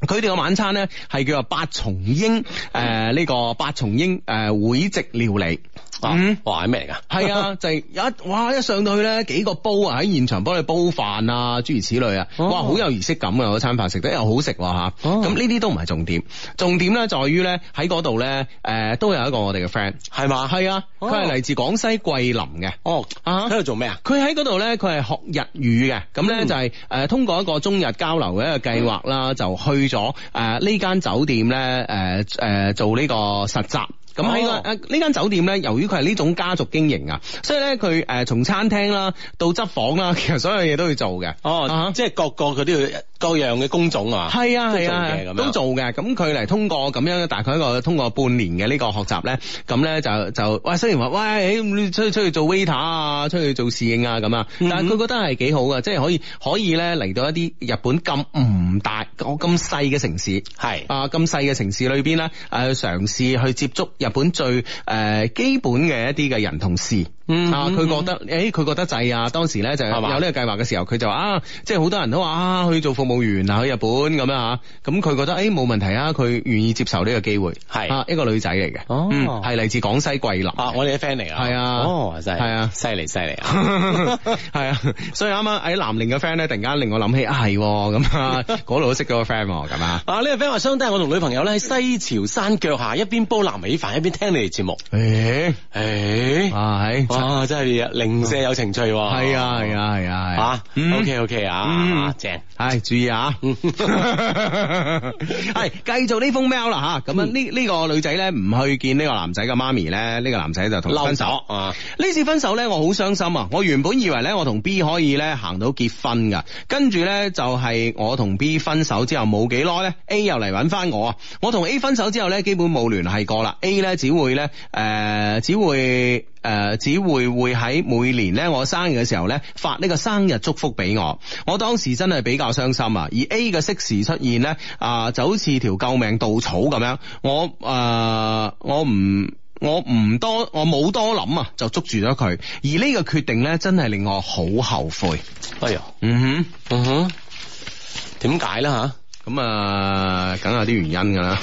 佢哋嘅晚餐咧，係叫做八重英，誒，呢個八重英誒會席料理啊，話係咩嚟噶？係啊，就係有一哇一上到去咧，幾個煲啊喺現場幫你煲飯啊，諸如此類啊，哇，好有儀式感啊！嗰餐飯食得又好食吓，咁呢啲都唔係重點，重點咧在於咧喺嗰度咧誒，都有一個我哋嘅 friend 係嘛，係啊，佢係嚟自廣西桂林嘅哦啊喺度做咩啊？佢喺嗰度咧，佢係學日語嘅，咁咧就係誒通過一個中日交流嘅一個計劃啦，就去咗誒呢間酒店咧誒誒做呢個實習。咁喺呢間酒店咧，由於佢係呢種家族經營啊，所以咧佢誒從餐廳啦到執房啦，其實所有嘢都要做嘅。哦，即係各個佢都要各樣嘅工種啊。係啊，係啊，都做嘅。咁佢嚟通過咁樣大概一個通過半年嘅呢個學習咧，咁咧就就哇雖然話喂，你出出去做 waiter 啊，出去做侍應啊咁啊，但係佢覺得係幾好嘅，即係可以可以咧嚟到一啲日本咁唔大咁咁細嘅城市。係啊，咁細嘅城市裏邊咧，誒嘗試去接觸日本最誒基本嘅一啲嘅人同事。嗯，佢覺得，誒，佢覺得滯啊。當時咧就係有呢個計劃嘅時候，佢就話啊，即係好多人都話啊，去做服務員啊，去日本咁啊。咁佢覺得，誒，冇問題啊，佢願意接受呢個機會。係一個女仔嚟嘅，哦，係嚟自廣西桂林。啊，我哋嘅 friend 嚟噶，係啊，哦，犀利，犀利，犀利啊，係啊。所以啱啱喺南寧嘅 friend 咧，突然間令我諗起，係咁啊，嗰度都識咗個 friend 咁啊。啊，呢個 friend 話，相當我同女朋友咧喺西樵山腳下一邊煲南美飯，一邊聽你哋節目。誒，誒，啊，啊、哦，真係零舍有情趣，係、嗯、啊，係啊，係啊，係，啊。OK OK 啊，正，係注意啊，係繼續呢封 mail 啦，吓，咁樣呢呢個女仔咧唔去見呢個男仔嘅媽咪咧，呢個男仔就同佢分手啊。呢次分手咧，我好傷心啊，我原本以為咧，我同 B 可以咧行到結婚噶，跟住咧就係我同 B 分手之後冇幾耐咧，A 又嚟搵翻我啊，我同 A 分手之後咧，基本冇聯繫過啦，A 咧只會咧，誒、呃，只會。呃只會誒、呃，只會會喺每年咧我生日嘅時候咧發呢個生日祝福俾我，我當時真係比較傷心啊。而 A 嘅適時出現咧，啊、呃、就好似條救命稻草咁樣，我誒、呃、我唔我唔多我冇多諗啊，就捉住咗佢。而呢個決定咧，真係令我好後悔。哎呀呦、嗯，嗯哼嗯哼，點解咧，吓？咁啊，梗、嗯、有啲原因噶啦，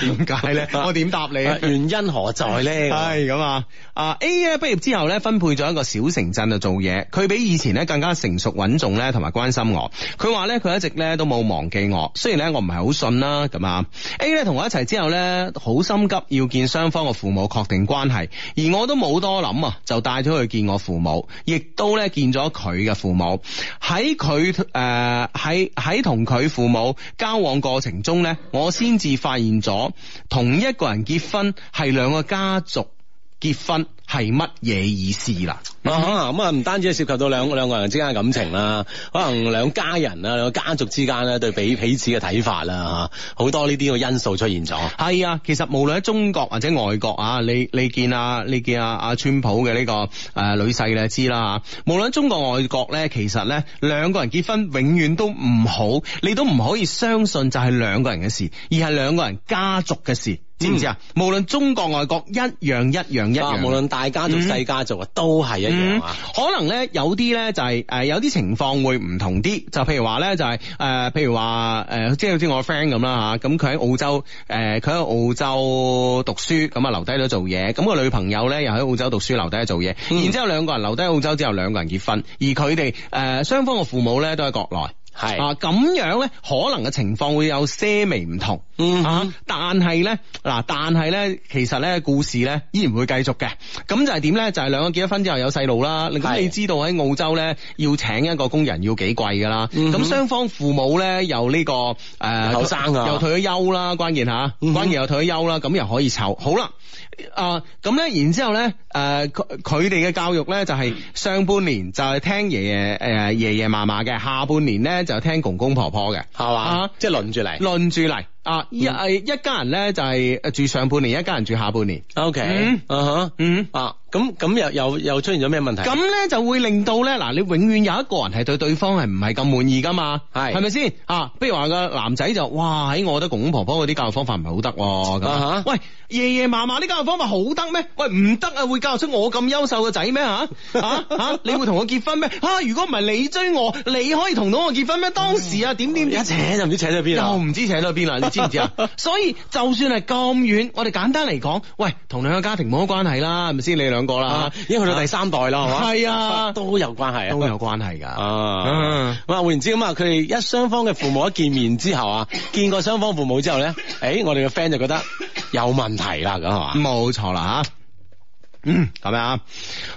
點解咧？我點答你啊？原因何在咧？係咁啊！A 咧畢業之後咧，分配咗一個小城鎮度做嘢，佢比以前咧更加成熟穩重咧，同埋關心我。佢話咧，佢一直咧都冇忘記我，雖然咧我唔係好信啦。咁啊，A 咧同我一齊之後咧，好心急要見雙方嘅父母確定關係，而我都冇多諗啊，就帶咗去見我父母，亦都咧見咗佢嘅父母。喺佢誒，喺、呃、喺。同佢父母交往過程中咧，我先至發現咗，同一個人結婚係兩個家族。結婚係乜嘢意思啦？咁 啊，唔、啊啊嗯嗯、單止係涉及到兩兩個人之間嘅感情啦， 可能兩家人啊、兩家族之間咧對比彼此嘅睇法啦，吓、啊、好多呢啲個因素出現咗。係 啊，其實無論喺中國或者外國啊，你你見啊，你見啊阿、啊、川普嘅呢、這個誒、呃、女婿你知啦吓、啊。無論中國外國咧，其實咧兩個人結婚永遠都唔好，你都唔可以相信就係兩個人嘅事，而係兩個人家族嘅事。知唔知啊？無論中國外國一樣一樣一樣，一樣一樣無論大家族細家族啊，嗯、都係一樣啊。嗯、吧可能咧有啲咧就係、是、誒，有啲情況會唔同啲。就譬如話咧就係、是、誒，譬如話誒，即係好似我 friend 咁啦吓，咁佢喺澳洲誒，佢喺澳洲讀書，咁啊留低咗做嘢。咁個女朋友咧又喺澳洲讀書，留低咗做嘢。然之後兩個人留低澳洲之後，兩個人結婚，而佢哋誒雙方嘅父母咧都喺國內。係啊，咁樣咧，可能嘅情況會有些微唔同，嗯啊，但係咧，嗱，但係咧，其實咧，故事咧依然會繼續嘅。咁就係點咧？就係兩個結咗婚之後有細路啦。咁你知道喺澳洲咧要請一個工人要幾貴噶啦？咁雙方父母咧又呢個誒，後生啊，又退咗休啦。關鍵吓，關鍵又退咗休啦，咁又可以湊好啦。啊，咁咧，然之後咧，誒，佢佢哋嘅教育咧就係上半年就係聽爺爺誒爺爺嫲嫲嘅，下半年咧。就聽公公婆婆嘅，係嘛？啊，即係輪住嚟，輪住嚟。啊，一係一家人咧就係、是、住上半年，一家人住下半年。O K，啊，咁咁又又又出現咗咩問題？咁咧、uh, 就會令到咧，嗱、啊，你永遠有一個人係對對方係唔係咁滿意噶嘛？係、mm，係咪先？啊，不如話個男仔就哇喺我覺得公公婆婆嗰啲教育方法唔係好得咁啊！Uh huh. 喂，爺爺嫲嫲呢教育方法好得咩？喂，唔得啊，會教出我咁優秀嘅仔咩？吓吓吓，你會同我結婚咩？哈、啊，如果唔係你追我，你可以同到我結婚咩？當時啊，點點一扯就唔知扯咗邊，又唔知扯咗邊啊！ 知唔知啊？所以就算係咁遠，我哋簡單嚟講，喂，同兩個家庭冇乜關係啦，係咪先？你哋兩個啦，啊、已經去到第三代啦，係嘛？係啊，啊都有關係、啊，都有關係噶。嗯，咁啊，換、啊、言之咁啊，佢哋一雙方嘅父母一見面之後啊， 見過雙方父母之後咧，誒、哎，我哋嘅 friend 就覺得有問題 啦，咁係嘛？冇錯啦，吓。嗯，咁樣啊，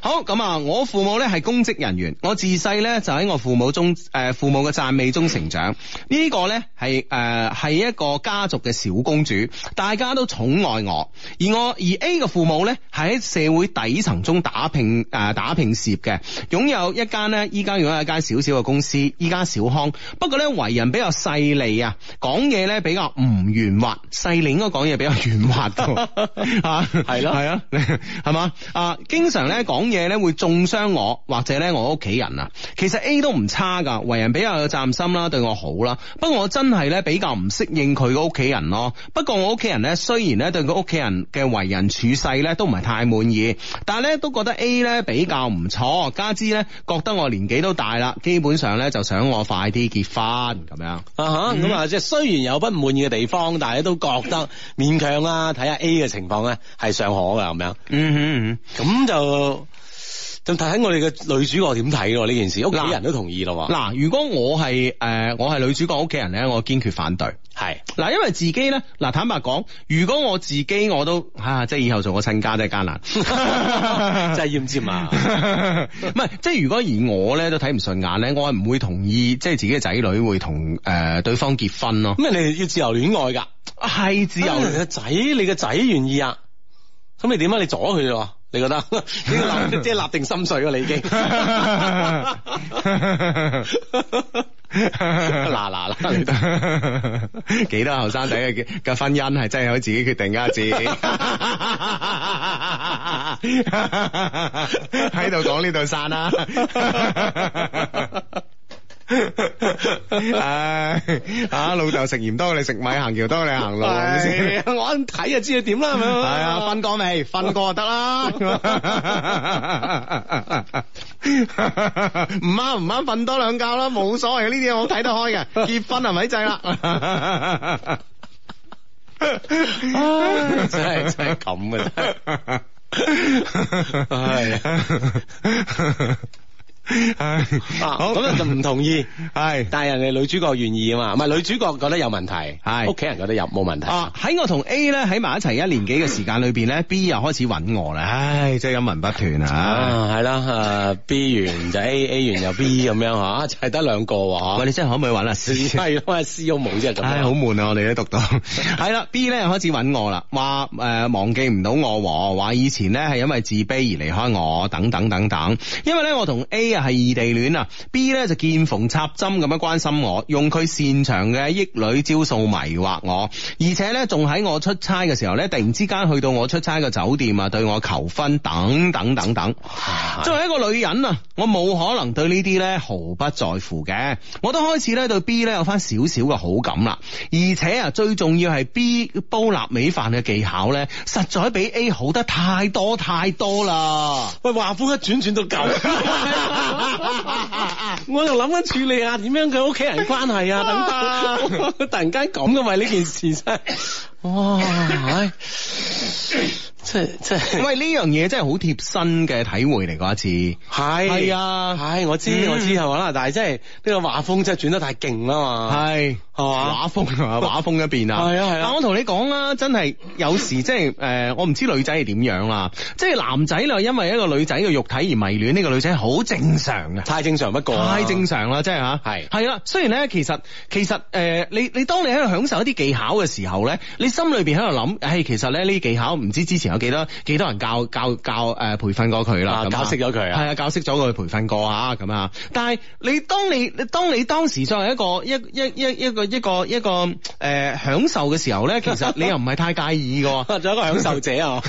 好咁啊！我父母咧係公職人員，我自細咧就喺我父母中誒父母嘅讚美中成長。呢個咧係誒係一個家族，嘅小公主，大家都寵愛我。而我而 A 嘅父母咧，喺社會底層中打拼誒打拼事業嘅，擁有一間咧依家擁有一間小小嘅公司，依家小康。不過咧為人比較勢利啊，講嘢咧比較唔圓滑。勢利應該講嘢比較圓滑噶，吓，係咯，係啊，係嘛？啊、經常咧講嘢咧會中傷我或者咧我屋企人啊，其實 A 都唔差噶，為人比較有責任心啦，對我好啦。不過我真係咧比較唔適應佢個屋企人咯。不過我屋企人咧雖然咧對佢屋企人嘅為人處世咧都唔係太滿意，但係咧都覺得 A 咧比較唔錯，加之咧覺得我年紀都大啦，基本上咧就想我快啲結婚咁樣。啊咁啊，即、啊、係、嗯嗯、雖然有不滿意嘅地方，但係都覺得勉強啦、啊。睇下 A 嘅情況咧係尚可噶，咁樣。是是嗯哼。嗯，咁就就睇喺我哋嘅女主角點睇咯呢件事，屋企人都同意咯。嗱，如果我係誒、呃、我係女主角屋企人咧，我堅決反對。係是，嗱，因為自己咧，嗱坦白講，如果我自己我都吓、啊，即係以後做個親家真係艱難， 真係要唔接唔係， 即係如果而我咧都睇唔順眼咧，我係唔會同意，即係自己嘅仔女會同誒、呃、對方結婚咯。咩？你要自由戀愛噶？係自由，你個仔，你個仔願意啊？咁你點解你阻佢咗？你覺得呢個男即係立定心水咯、啊？你已經嗱嗱嗱，幾多後生仔嘅嘅婚姻係真係可以自己決定噶、啊，自己喺度講呢度散啦、啊。 唉、 哎，啊老豆食鹽多你食米，行橋多你行路、哎、 我一睇就知道點啦，係咪？係啊，瞓過未？瞓過就得啦。唔啱唔啱，瞓多兩覺啦，冇所謂。呢啲我睇得開嘅，結婚係咪制啦 哎？真係真係咁嘅真。係啊。唉，好、 啊、就唔同意，係 是但係人哋女主角願意啊嘛，唔係女主角覺得有問題，係屋企人覺得有冇問題啊？喺我同 A 咧喺埋一齊一年幾嘅時間裏邊咧，B 又開始搵我啦，唉，真係陰魂不散啊！係啦、啊，B 完就 A，A 完又 B 咁樣吓，就係得兩個嗬。啊、喂，你真係可唔可以搵啊？C 係啊，C 都冇啫，咁樣、哎、好悶啊！我哋都讀到，係 啦 ，B 咧開始搵我啦，話誒、呃、忘記唔到我喎，話以前咧係因為自卑而離開我，等等等等，等等因為咧我同 A。啊。係異地戀啊！B 咧就見縫插針咁樣關心我，用佢擅長嘅益女招數迷惑我，而且咧仲喺我出差嘅時候咧，突然之間去到我出差嘅酒店啊，對我求婚等等等等。啊、作為一個女人啊，我冇可能對呢啲咧毫不在乎嘅，我都開始咧對 B 咧有翻少少嘅好感啦。而且啊，最重要係 B 煲臘味飯嘅技巧咧，實在比 A 好得太多太多啦。喂，話鋒一轉轉都夠。 我又諗緊處理下點樣佢屋企人關係啊，等，突然間咁嘅為呢件事真係。哇！即係即係，喂！呢樣嘢真係好貼身嘅體會嚟，嗰一次係係是啊！唉，我知、嗯、我知係嘛啦，但係即係呢個畫風真係轉得太勁啦嘛，係係嘛？畫、啊、風畫風一變 啊，係啊！但係我同你講啦，真係有時即係誒，我唔知女仔係點樣啦，即、就、係、是、男仔又因為一個女仔嘅肉體而迷戀呢、這個女仔，好正常啊！太正常不過，太正常啦！即係吓，係係啦。雖然咧，其實其實誒，你你當你喺度享受一啲技巧嘅時候咧，你。你心裏邊喺度諗，誒，其實咧呢技巧唔知之前有幾多幾多人教教教誒、呃、培訓過佢啦，教識咗佢，係啊教識咗佢培訓過吓咁啊。但係你當你當你當時作為一個一一一一個一個一個誒享受嘅時候咧，其實你又唔係太介意個，做 一個享受者啊，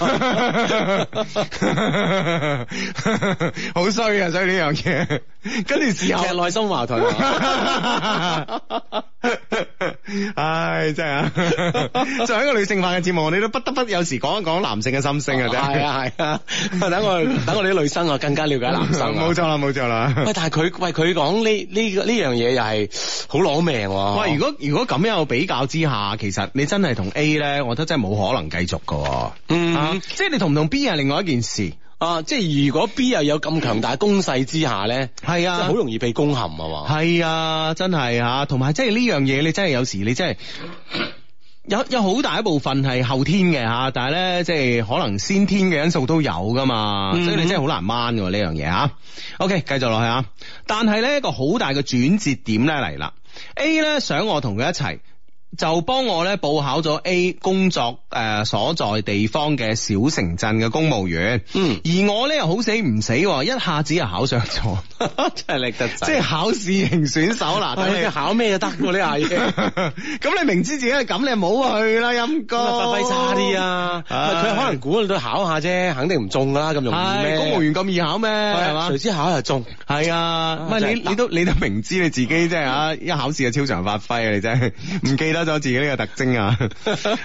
好衰啊，所以呢樣嘢。跟住時候，其實內心矛盾。唉 哎，真係啊！作為一個女性化嘅節目， 你都不得不有時講一講男性嘅心聲啊！即係係啊係啊！等、哎哎哎、我等我哋啲女生我更加了解男生。冇錯啦，冇錯啦。喂，但係佢喂佢講呢呢呢樣嘢又係好攞命。喂，如果如果咁樣比較之下，其實你真係同 A 咧，我覺得真係冇可能繼續噶。嗯，啊、即係你同唔同 B 係、啊、另外一件事。啊，即係如果 B 又有咁強大攻勢之下咧，係啊，即係好容易被攻陷啊嘛，係吧啊，真係吓、啊，同埋即係呢樣嘢，你真係有時你真係有有好大一部分係後天嘅吓，但係咧即係可能先天嘅因素都有噶嘛，嗯、所以你真係好難掹嘅呢樣嘢吓、啊。OK，繼續落去啊，但係咧一個好大嘅轉折點咧嚟啦，A 咧想我同佢一齊。就幫我咧報考咗 A 工作誒所在地方嘅小城鎮嘅公務員。嗯，而我咧又好死唔死，一下子又考上咗，真係叻得滯。即係考試型選手啦，考咩就得喎呢下嘢。咁你明知自己係咁，你唔好去啦，陰公發揮差啲啊。佢可能估你都考下啫，肯定唔中啦。咁容易咩，公務員咁易考咩？係嘛，誰知考就中。係啊，唔係你你都你都明知你自己即係啊，一考試嘅超常發揮啊，你真係唔記得咗自己呢個特徵啊，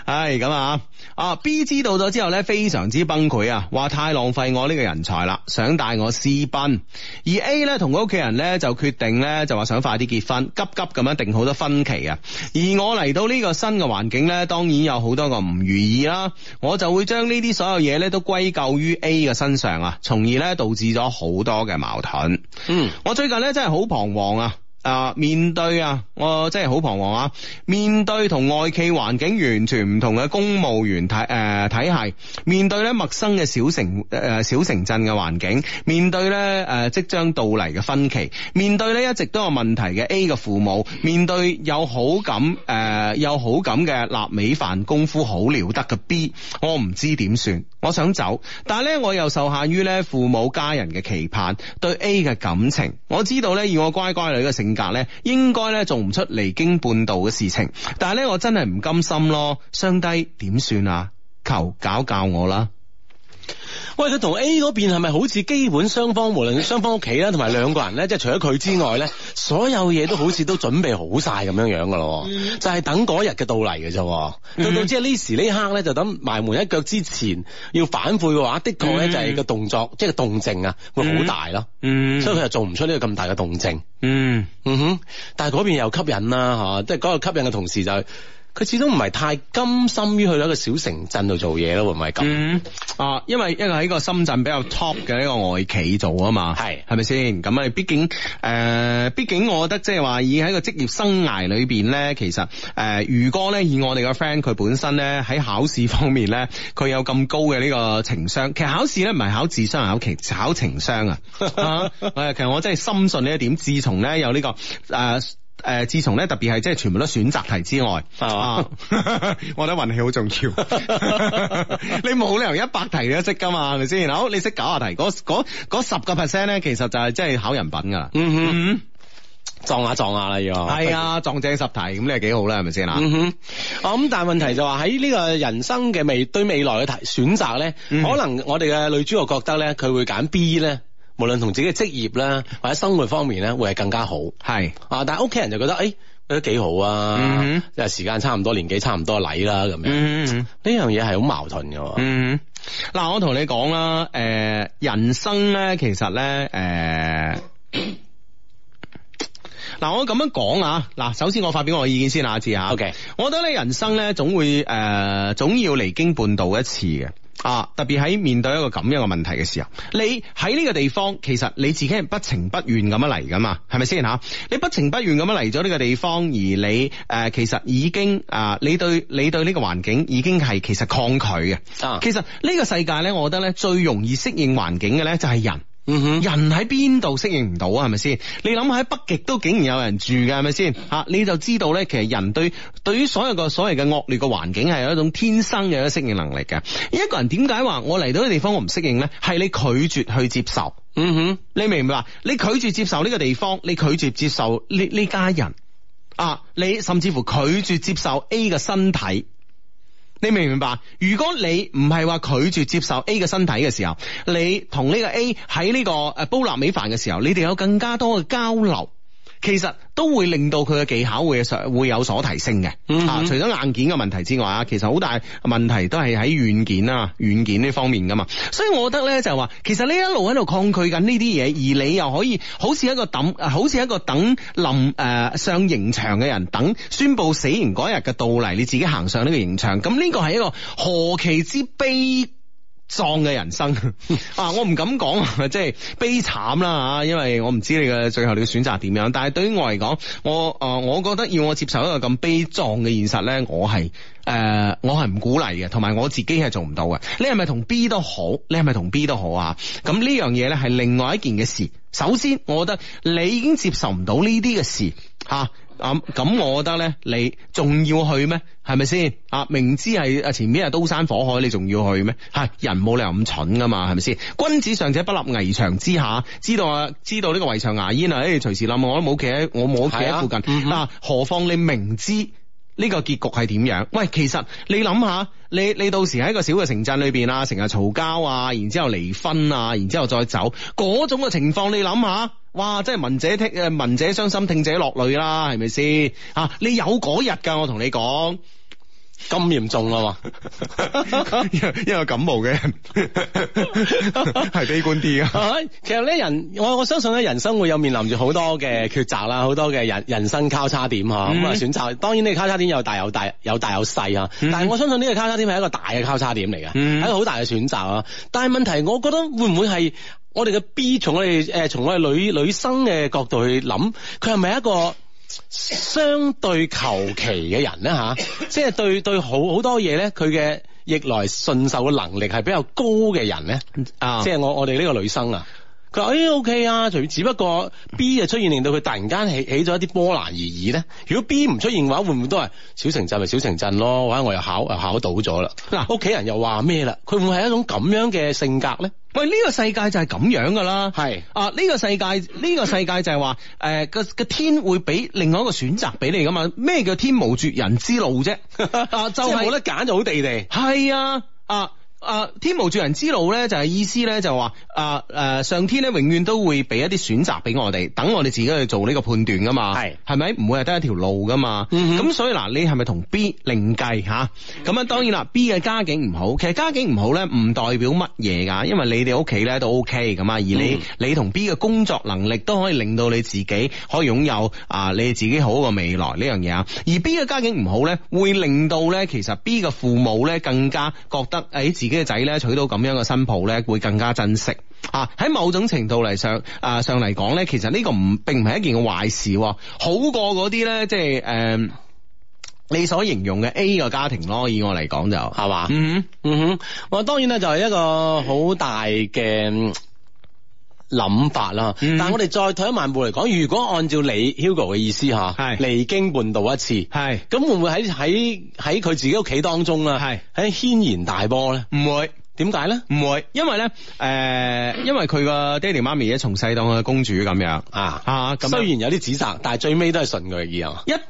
係咁啊，啊 B 知道咗之後呢，非常之崩潰啊，話太浪費我呢個人才啦，想帶我私奔，而 A 呢，同佢屋企人呢，就決定呢，就話想快啲結婚，急急咁樣定好多分歧啊，而我嚟到呢個新嘅環境呢，當然有好多個唔如意啦，我就會將呢啲所有嘢呢都歸咎於 A 嘅身上啊，從而呢，導致咗好多嘅矛盾。嗯，X mm. 我最近呢，真係好彷徨啊。啊、呃！面對啊，我真係好彷徨啊！面對同外企環境完全唔同嘅公務員體誒、呃、體系，面對咧陌生嘅小城誒、呃、小城鎮嘅環境，面對咧誒、呃、即將到嚟嘅分歧，面對咧一直都有問題嘅 A 嘅父母，面對有好感誒、呃、有好感嘅臘味飯功夫好了得嘅 B，我唔知點算，我想走，但係咧我又受限於咧父母家人嘅期盼，對 A 嘅感情，我知道咧以我乖乖女嘅成。格咧應該咧做唔出離經叛道嘅事情，但係咧我真係唔甘心咯，傷低點算啊？求搞教我啦。喂，佢同 A 嗰邊係咪好似基本雙方，無論雙方屋企啦，同埋兩個人咧，即係除咗佢之外咧，所有嘢都好似都準備好晒咁樣樣噶咯，mm hmm. 就係等嗰日嘅到嚟嘅啫。到到即係呢時呢刻咧，就等埋門一腳之前要反悔嘅話，的確咧，就係個動作，mm hmm. 即係個動靜啊，會好大咯。嗯、hmm.，所以佢又做唔出呢個咁大嘅動靜。嗯嗯哼，hmm. 但係嗰邊又吸引啦吓，即係嗰個吸引嘅同時就係。佢始終唔係太甘心於去到一個小城鎮度做嘢咯，會唔會咁？嗯、啊，因為一個喺個深圳比較 top 嘅呢個外企做啊嘛，係係咪先？咁啊，畢竟誒，畢、呃、竟我覺得即係話以喺個職業生涯裏邊咧，其實誒，如果咧，以我哋個 friend 佢本身咧喺考試方面咧，佢有咁高嘅呢個情商。其實考試咧唔係考智商，考其考情商啊。 啊，其實我真係深信呢一點。自從咧有呢、呢個誒。呃誒，自從咧，特別係即係全部都選擇題之外，啊吧， 我覺得運氣好重要。 你冇理由一百題你都識噶嘛，係咪先？好，你識九十題，嗰十個 percent 咧，其實就係即係考人品噶。嗯哼，撞下撞下啦要。係啊，對撞正十題，咁你係幾好啦，係咪先啦？嗯、哼，我咁但係問題就話喺呢個人生嘅未對未來嘅題選擇咧，嗯、可能我哋嘅女主角覺得咧，佢會揀 B 咧。無論同自己嘅職業啦，或者生活方面咧，會係更加好。係是啊，但係屋企人就覺得，誒、哎，覺得幾好啊，又、mm hmm. 時間差唔多年紀差唔多，禮啦咁樣。呢樣嘢係好矛盾嘅、啊。嗱、mm hmm.，我同你講啦，誒、呃，人生咧，其實咧，誒、呃，嗱， 我咁樣講啊，嗱，首先我發表我嘅意見先下次啊，志啊。O K，我覺得咧，人生咧，總會誒、呃，總要離經叛道一次嘅。啊！特別喺面對一個咁樣嘅問題嘅時候，你喺呢個地方，其實你自己係不情不願咁樣嚟噶嘛，係咪先吓？你不情不願咁樣嚟咗呢個地方，而你誒、呃，其實已經啊、呃，你對你對呢個環境已經係其實抗拒嘅。啊、其實呢個世界呢，我覺得呢最容易適應環境嘅呢，就係人。嗯哼，人喺邊度適應唔到啊？係咪先？你諗下喺北極都竟然有人住嘅，係咪先？吓，你就知道咧，其實人對對於所有嘅所謂嘅惡劣嘅環境係有一種天生嘅一個適應能力嘅。一個人點解話我嚟到呢地方我唔適應咧？係你拒絕去接受。嗯哼，你明唔明白？你拒絕接受呢個地方，你拒絕接受呢呢家人啊，你甚至乎拒絕接受 A 嘅身體。你明唔明白？如果你唔係話拒絕接受 A 嘅身體嘅時候，你同呢個 A 喺呢個誒煲臘味飯嘅時候，你哋有更加多嘅交流。其實都會令到佢嘅技巧會上會有所提升嘅，嗯、哼啊，除咗硬件嘅問題之外啊，其實好大問題都係喺軟件啊、軟件呢方面噶嘛，所以我覺得咧就話、是，其實呢一路喺度抗拒緊呢啲嘢，而你又可以好似一個等，好似一個等臨誒、呃、上刑場嘅人，等宣佈死刑嗰日嘅到嚟，你自己行上呢個刑場，咁呢個係一個何其之悲！悲壯嘅人生 啊！我唔敢講，即係悲慘啦吓，因為我唔知你嘅最後你嘅選擇點樣。但係對於我嚟講，我誒、呃，我覺得要我接受一個咁悲壯嘅現實呢，我係誒、呃，我係唔鼓勵嘅，同埋我自己係做唔到嘅。你係咪同 B 都好？你係咪同 B 都好啊？咁呢樣嘢呢係另外一件嘅事。首先，我覺得你已經接受唔到呢啲嘅事吓。啊咁咁，啊、我覺得咧，你仲要去咩？係咪先啊？明知係啊，前面係刀山火海，你仲要去咩？係、啊、人冇理由咁蠢噶嘛？係咪先？君子尚者不立危牆之下，知道啊？知道呢個圍牆牙煙啊？誒、哎，隨時諗，我都冇企喺，我冇企喺附近。嗱、嗯哼啊，何況你明知。呢個結局係點樣？喂，其實你諗下，你你到時喺一個小嘅城鎮裏邊啊，成日嘈交啊，然之後離婚啊，然之後再走，嗰種嘅情況你諗下，哇，即係聞者聽誒，聞者傷心，聽者落淚啦，係咪先？啊，你有嗰日噶，我同你講。咁嚴重啊！因為 因為感冒嘅，係 悲觀啲噶。其實呢人，我我相信呢人生會有面臨住好多嘅抉擇啦，好多嘅人人生交叉點吓，咁啊選擇。當然呢個交叉點有大有大有大有細吓，但係我相信呢個交叉點係一個大嘅交叉點嚟噶，係、嗯、一個好大嘅選擇啊。但係問題，我覺得會唔會係我哋嘅 B？從我哋誒，從我哋女女生嘅角度去諗，佢係咪一個？相對求其嘅人咧吓， 即係對對好好 多嘢咧，佢嘅逆來順受嘅能力係比較高嘅人咧，啊，oh. 即係我我哋呢個女生啊。佢話：哎，OK 啊，除只不過 B 就出現，令到佢突然間起起咗一啲波瀾而已咧。如果 B 唔出現嘅話，會唔會都係小城鎮，咪小城鎮咯？或者我又考又考到咗啦。嗱喏，屋企人又話咩啦？佢會唔會係一種咁樣嘅性格咧？喂，呢、這個世界就係咁樣噶啦。係是啊，呢、這個世界呢、這個世界就係話，誒、呃、個個天會俾另外一個選擇俾你噶嘛？咩叫天無絕人之路啫？啊，就冇得揀就好地地。係啊。啊，天無絕人之路咧，就係、是、意思咧，就話啊誒，上天咧永遠都會俾一啲選擇俾我哋，等我哋自己去做呢個判斷噶嘛，係係咪？唔會係得一條路噶嘛。咁、嗯、哼所以嗱，你係咪同 B 另計吓？咁啊，當然啦，B 嘅家境唔好，其實家境唔好咧，唔代表乜嘢噶，因為你哋屋企咧都 OK 咁啊。而你、嗯、你同 B 嘅工作能力都可以令到你自己可以擁有啊，你自己好嘅未來呢樣嘢啊。而 B 嘅家境唔好咧，會令到咧，其實 B 嘅父母咧更加覺得誒自。自己嘅仔咧娶到咁樣嘅新抱咧，會更加珍惜啊！喺某種程度嚟上啊、呃、上嚟講咧，其實呢個唔並唔係一件壞事，好過嗰啲咧，即係誒、呃，你所形容嘅 A 個家庭咯。以我嚟講就係嘛，吧嗯哼，嗯哼，我當然啦，就係一個好大嘅。嗯嗯諗法啦，嗯、但係我哋再退一萬步嚟講，如果按照你 Hugo 嘅意思吓，係離經叛道一次，係咁是會唔會喺喺喺佢自己屋企當中咧？係喺軒然大波咧？唔會。點解咧？唔會，因為咧，誒、呃，因為佢個爹哋媽咪咧，從細當佢公主咁樣啊。啊雖然有啲指責，但係最尾都係順佢意。一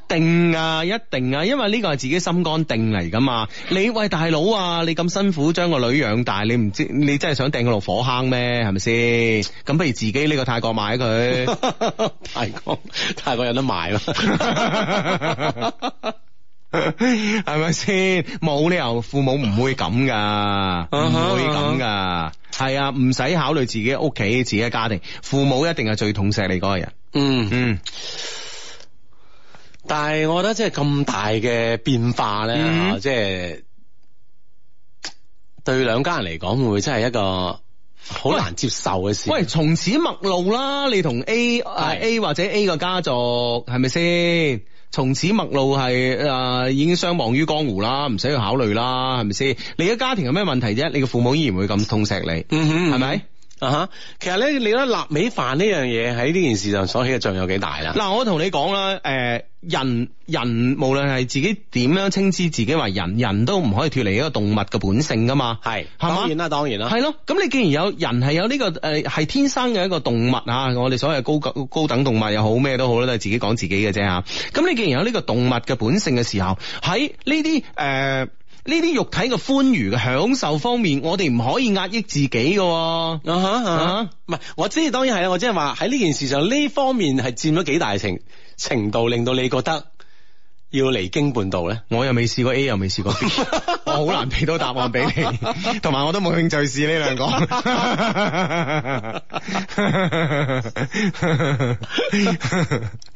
定啊，一定啊，因為呢個係自己心肝定嚟噶嘛。你喂大佬啊，你咁辛苦將個女養大，你唔知你真係想掟佢落火坑咩？係咪先？咁不如自己呢個泰國買佢。 泰國，泰國有得賣咯。 係咪先？冇 理由父母唔會咁噶，唔 會咁噶。係 啊，唔使考慮自己屋企，自己嘅家庭，父母一定係最痛錫你嗰個人。嗯嗯。嗯但係我覺得即係咁大嘅變化咧，即係、嗯、對兩家人嚟講，會唔會真係一個好難接受嘅事？喂，從此陌路啦！你同 A 啊對 A 或者 A 個家族係咪先？是從此陌路係誒，已經相忘於江湖啦，唔使去考慮啦，係咪先？你嘅家庭有咩問題啫？你嘅父母依然會咁痛錫你，嗯哼嗯哼，係咪？啊哈！Uh huh. 其實咧，你覺得臘味飯呢樣嘢，喺呢件事上所起嘅作用有幾大啦？嗱、啊，我同你講啦，誒、呃，人人無論係自己點樣稱之自己為人，人都唔可以脫離一個動物嘅本性噶嘛。係是嗎，當然啦，當然啦。係咯，咁你既然有人係有呢、這個誒、係、呃、天生嘅一個動物啊，我哋所謂高高等動物又好咩都好咧，都係自己講自己嘅啫吓。咁、啊、你既然有呢個動物嘅本性嘅時候，喺呢啲誒。呃呢啲肉體嘅歡愉嘅享受方面，我哋唔可以壓抑自己嘅、啊。啊哈啊哈，唔、huh, 係、uh huh. uh huh.，我知、就是、當然係啦。我即係話喺呢件事上呢方面係佔咗幾大程程度，令到你覺得。要離經半道咧，我又未試過 A，又未試過 B. 我我試，我好難俾到答案俾你，同埋我都冇興趣試呢兩個。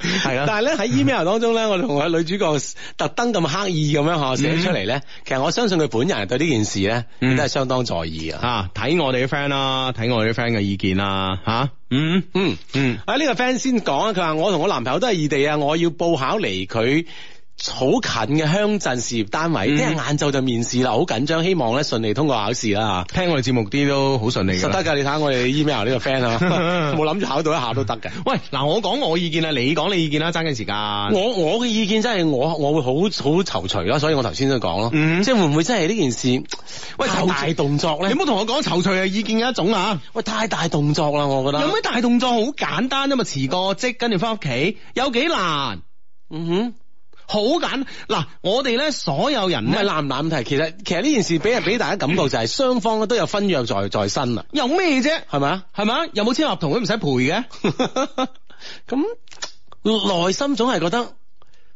係啦，但係咧喺 email 當中咧，我同女主角特登咁刻意咁樣吓寫出嚟咧，嗯、其實我相信佢本人對呢件事咧，嗯、都係相當在意啊！吓，睇我哋啲 friend 啦，睇我哋啲 friend 嘅意見啦，吓、啊嗯，嗯嗯嗯，啊呢個 friend 先講啊，佢、這、話、個、我同我男朋友都係異地啊，我要報考嚟佢。好近嘅鄉鎮事業單位，聽日晏晝就面試啦，好緊張，希望咧順利通過考試啦。聽我哋節目啲都好順利嘅，實得㗎，你睇下我哋 email 呢個 friend，啊，冇諗住考到一下都得嘅。 喂，嗱，我講我意見啊，你講你意見啦，爭緊時間。我我嘅意見真係我我會好好躊躇啦，所以我頭先都講咯，嗯、即係會唔會真係呢件事太大動作咧？你唔好同我講躊躇係意見嘅一種啊！喂，太大動作啦，我覺得。有咩大動作？好簡單啊嘛，辭個職跟住翻屋企，有幾難？嗯哼。好簡嗱，我哋咧所有人唔係難唔難問題，其實其實呢件事俾人俾大家感覺就係雙方咧都有分約在在身啦、嗯嗎，有咩啫？係咪啊？係咪啊？有冇簽合同佢唔使賠嘅，咁內 樣心總係覺得。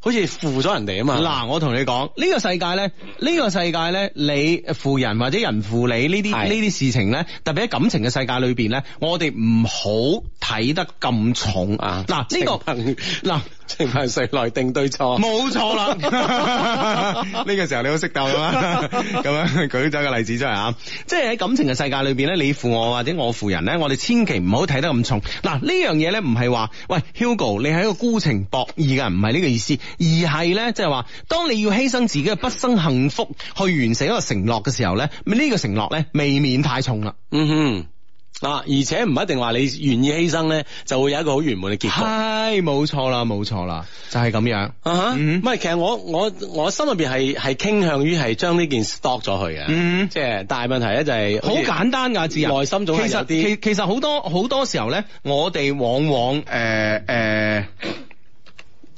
好似負咗人哋啊嘛！嗱，我同你講呢、這個世界咧，呢、這個世界咧，你負人或者人負你呢啲呢啲事情咧，特別喺感情嘅世界裏邊咧，我哋唔好睇得咁重啊！嗱，呢、這個朋嗱，情，情係誰嚟定對錯，冇錯啦！呢 個時候你好識鬥啦！咁 樣舉咗個例子出嚟啊！ 即係喺感情嘅世界裏邊咧，你負我或者我負人咧，我哋千祈唔好睇得咁重。嗱呢樣嘢咧，唔係話喂 Hugo，你係一個孤情薄義嘅唔係呢個意思。而係咧，即係話，當你要犧牲自己嘅畢生幸福去完成一個承諾嘅時候咧，呢個承諾咧，未免太重啦。嗯哼，啊，而且唔一定話你願意犧牲咧，就會有一個好圓滿嘅結果。係，冇錯啦，冇錯啦，就係咁樣。啊哈，唔係，其實我我我心入邊係係傾向於係將呢件 stock 咗去嘅。嗯，即係，大問題咧就係好簡單噶，自然內心總係有啲其其實好多好多時候咧，我哋往往誒誒。呃呃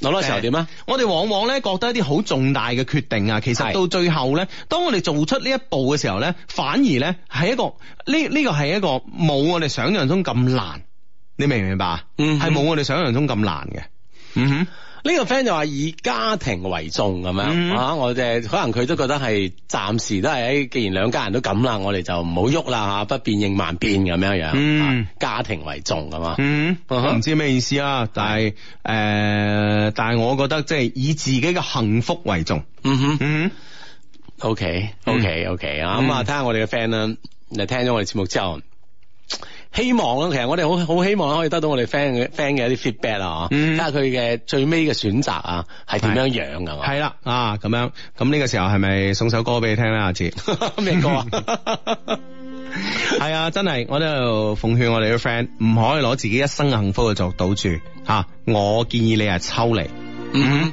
攞嚟時候點啊？我哋往往咧覺得一啲好重大嘅決定啊，其實到最後咧，是當我哋做出呢一步嘅時候咧，反而咧係一個呢呢個係一個冇我哋想象中咁難，你明唔明白啊？嗯，係冇我哋想象中咁難嘅。嗯哼。呢個 friend 就話以家庭為重咁樣、嗯、啊，我哋可能佢都覺得係暫時都係既然兩家人都咁啦，我哋就唔好喐啦吓，不變應萬變咁樣樣，嗯、家庭為重咁嘛，我唔、嗯啊、哈知咩意思啊，但係誒是、呃，但係我覺得即係以自己嘅幸福為重，嗯哼 O K O K O K 啊咁啊，睇下我哋嘅 friend 啦，你聽咗我哋節目之後。希望咯，其實我哋好好希望可以得到我哋 friend 嘅 friend 嘅一啲 feedback 啊，睇下佢嘅最尾嘅選擇啊係點樣樣噶係啦啊，咁樣咁呢個時候係咪送首歌俾你聽咧？阿哲咩歌啊？係啊， 真係，我度奉勸我哋啲 friend 唔可以攞自己一生嘅幸福嘅作賭注吓，啊，我建議你係抽離。嗯哼，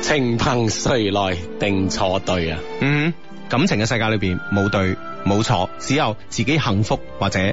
情憑誰來定錯對啊？嗯，感情嘅世界裏邊冇對冇錯，只有自己幸福或者。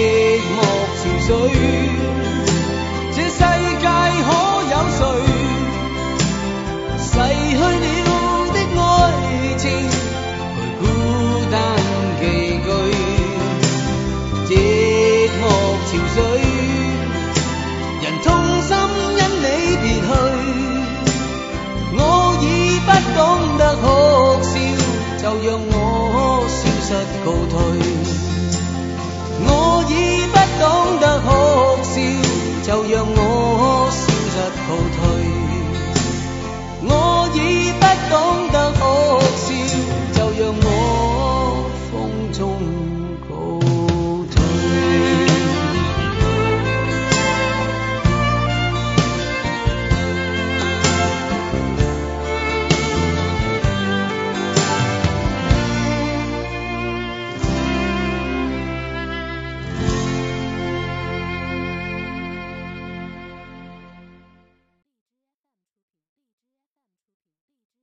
告退。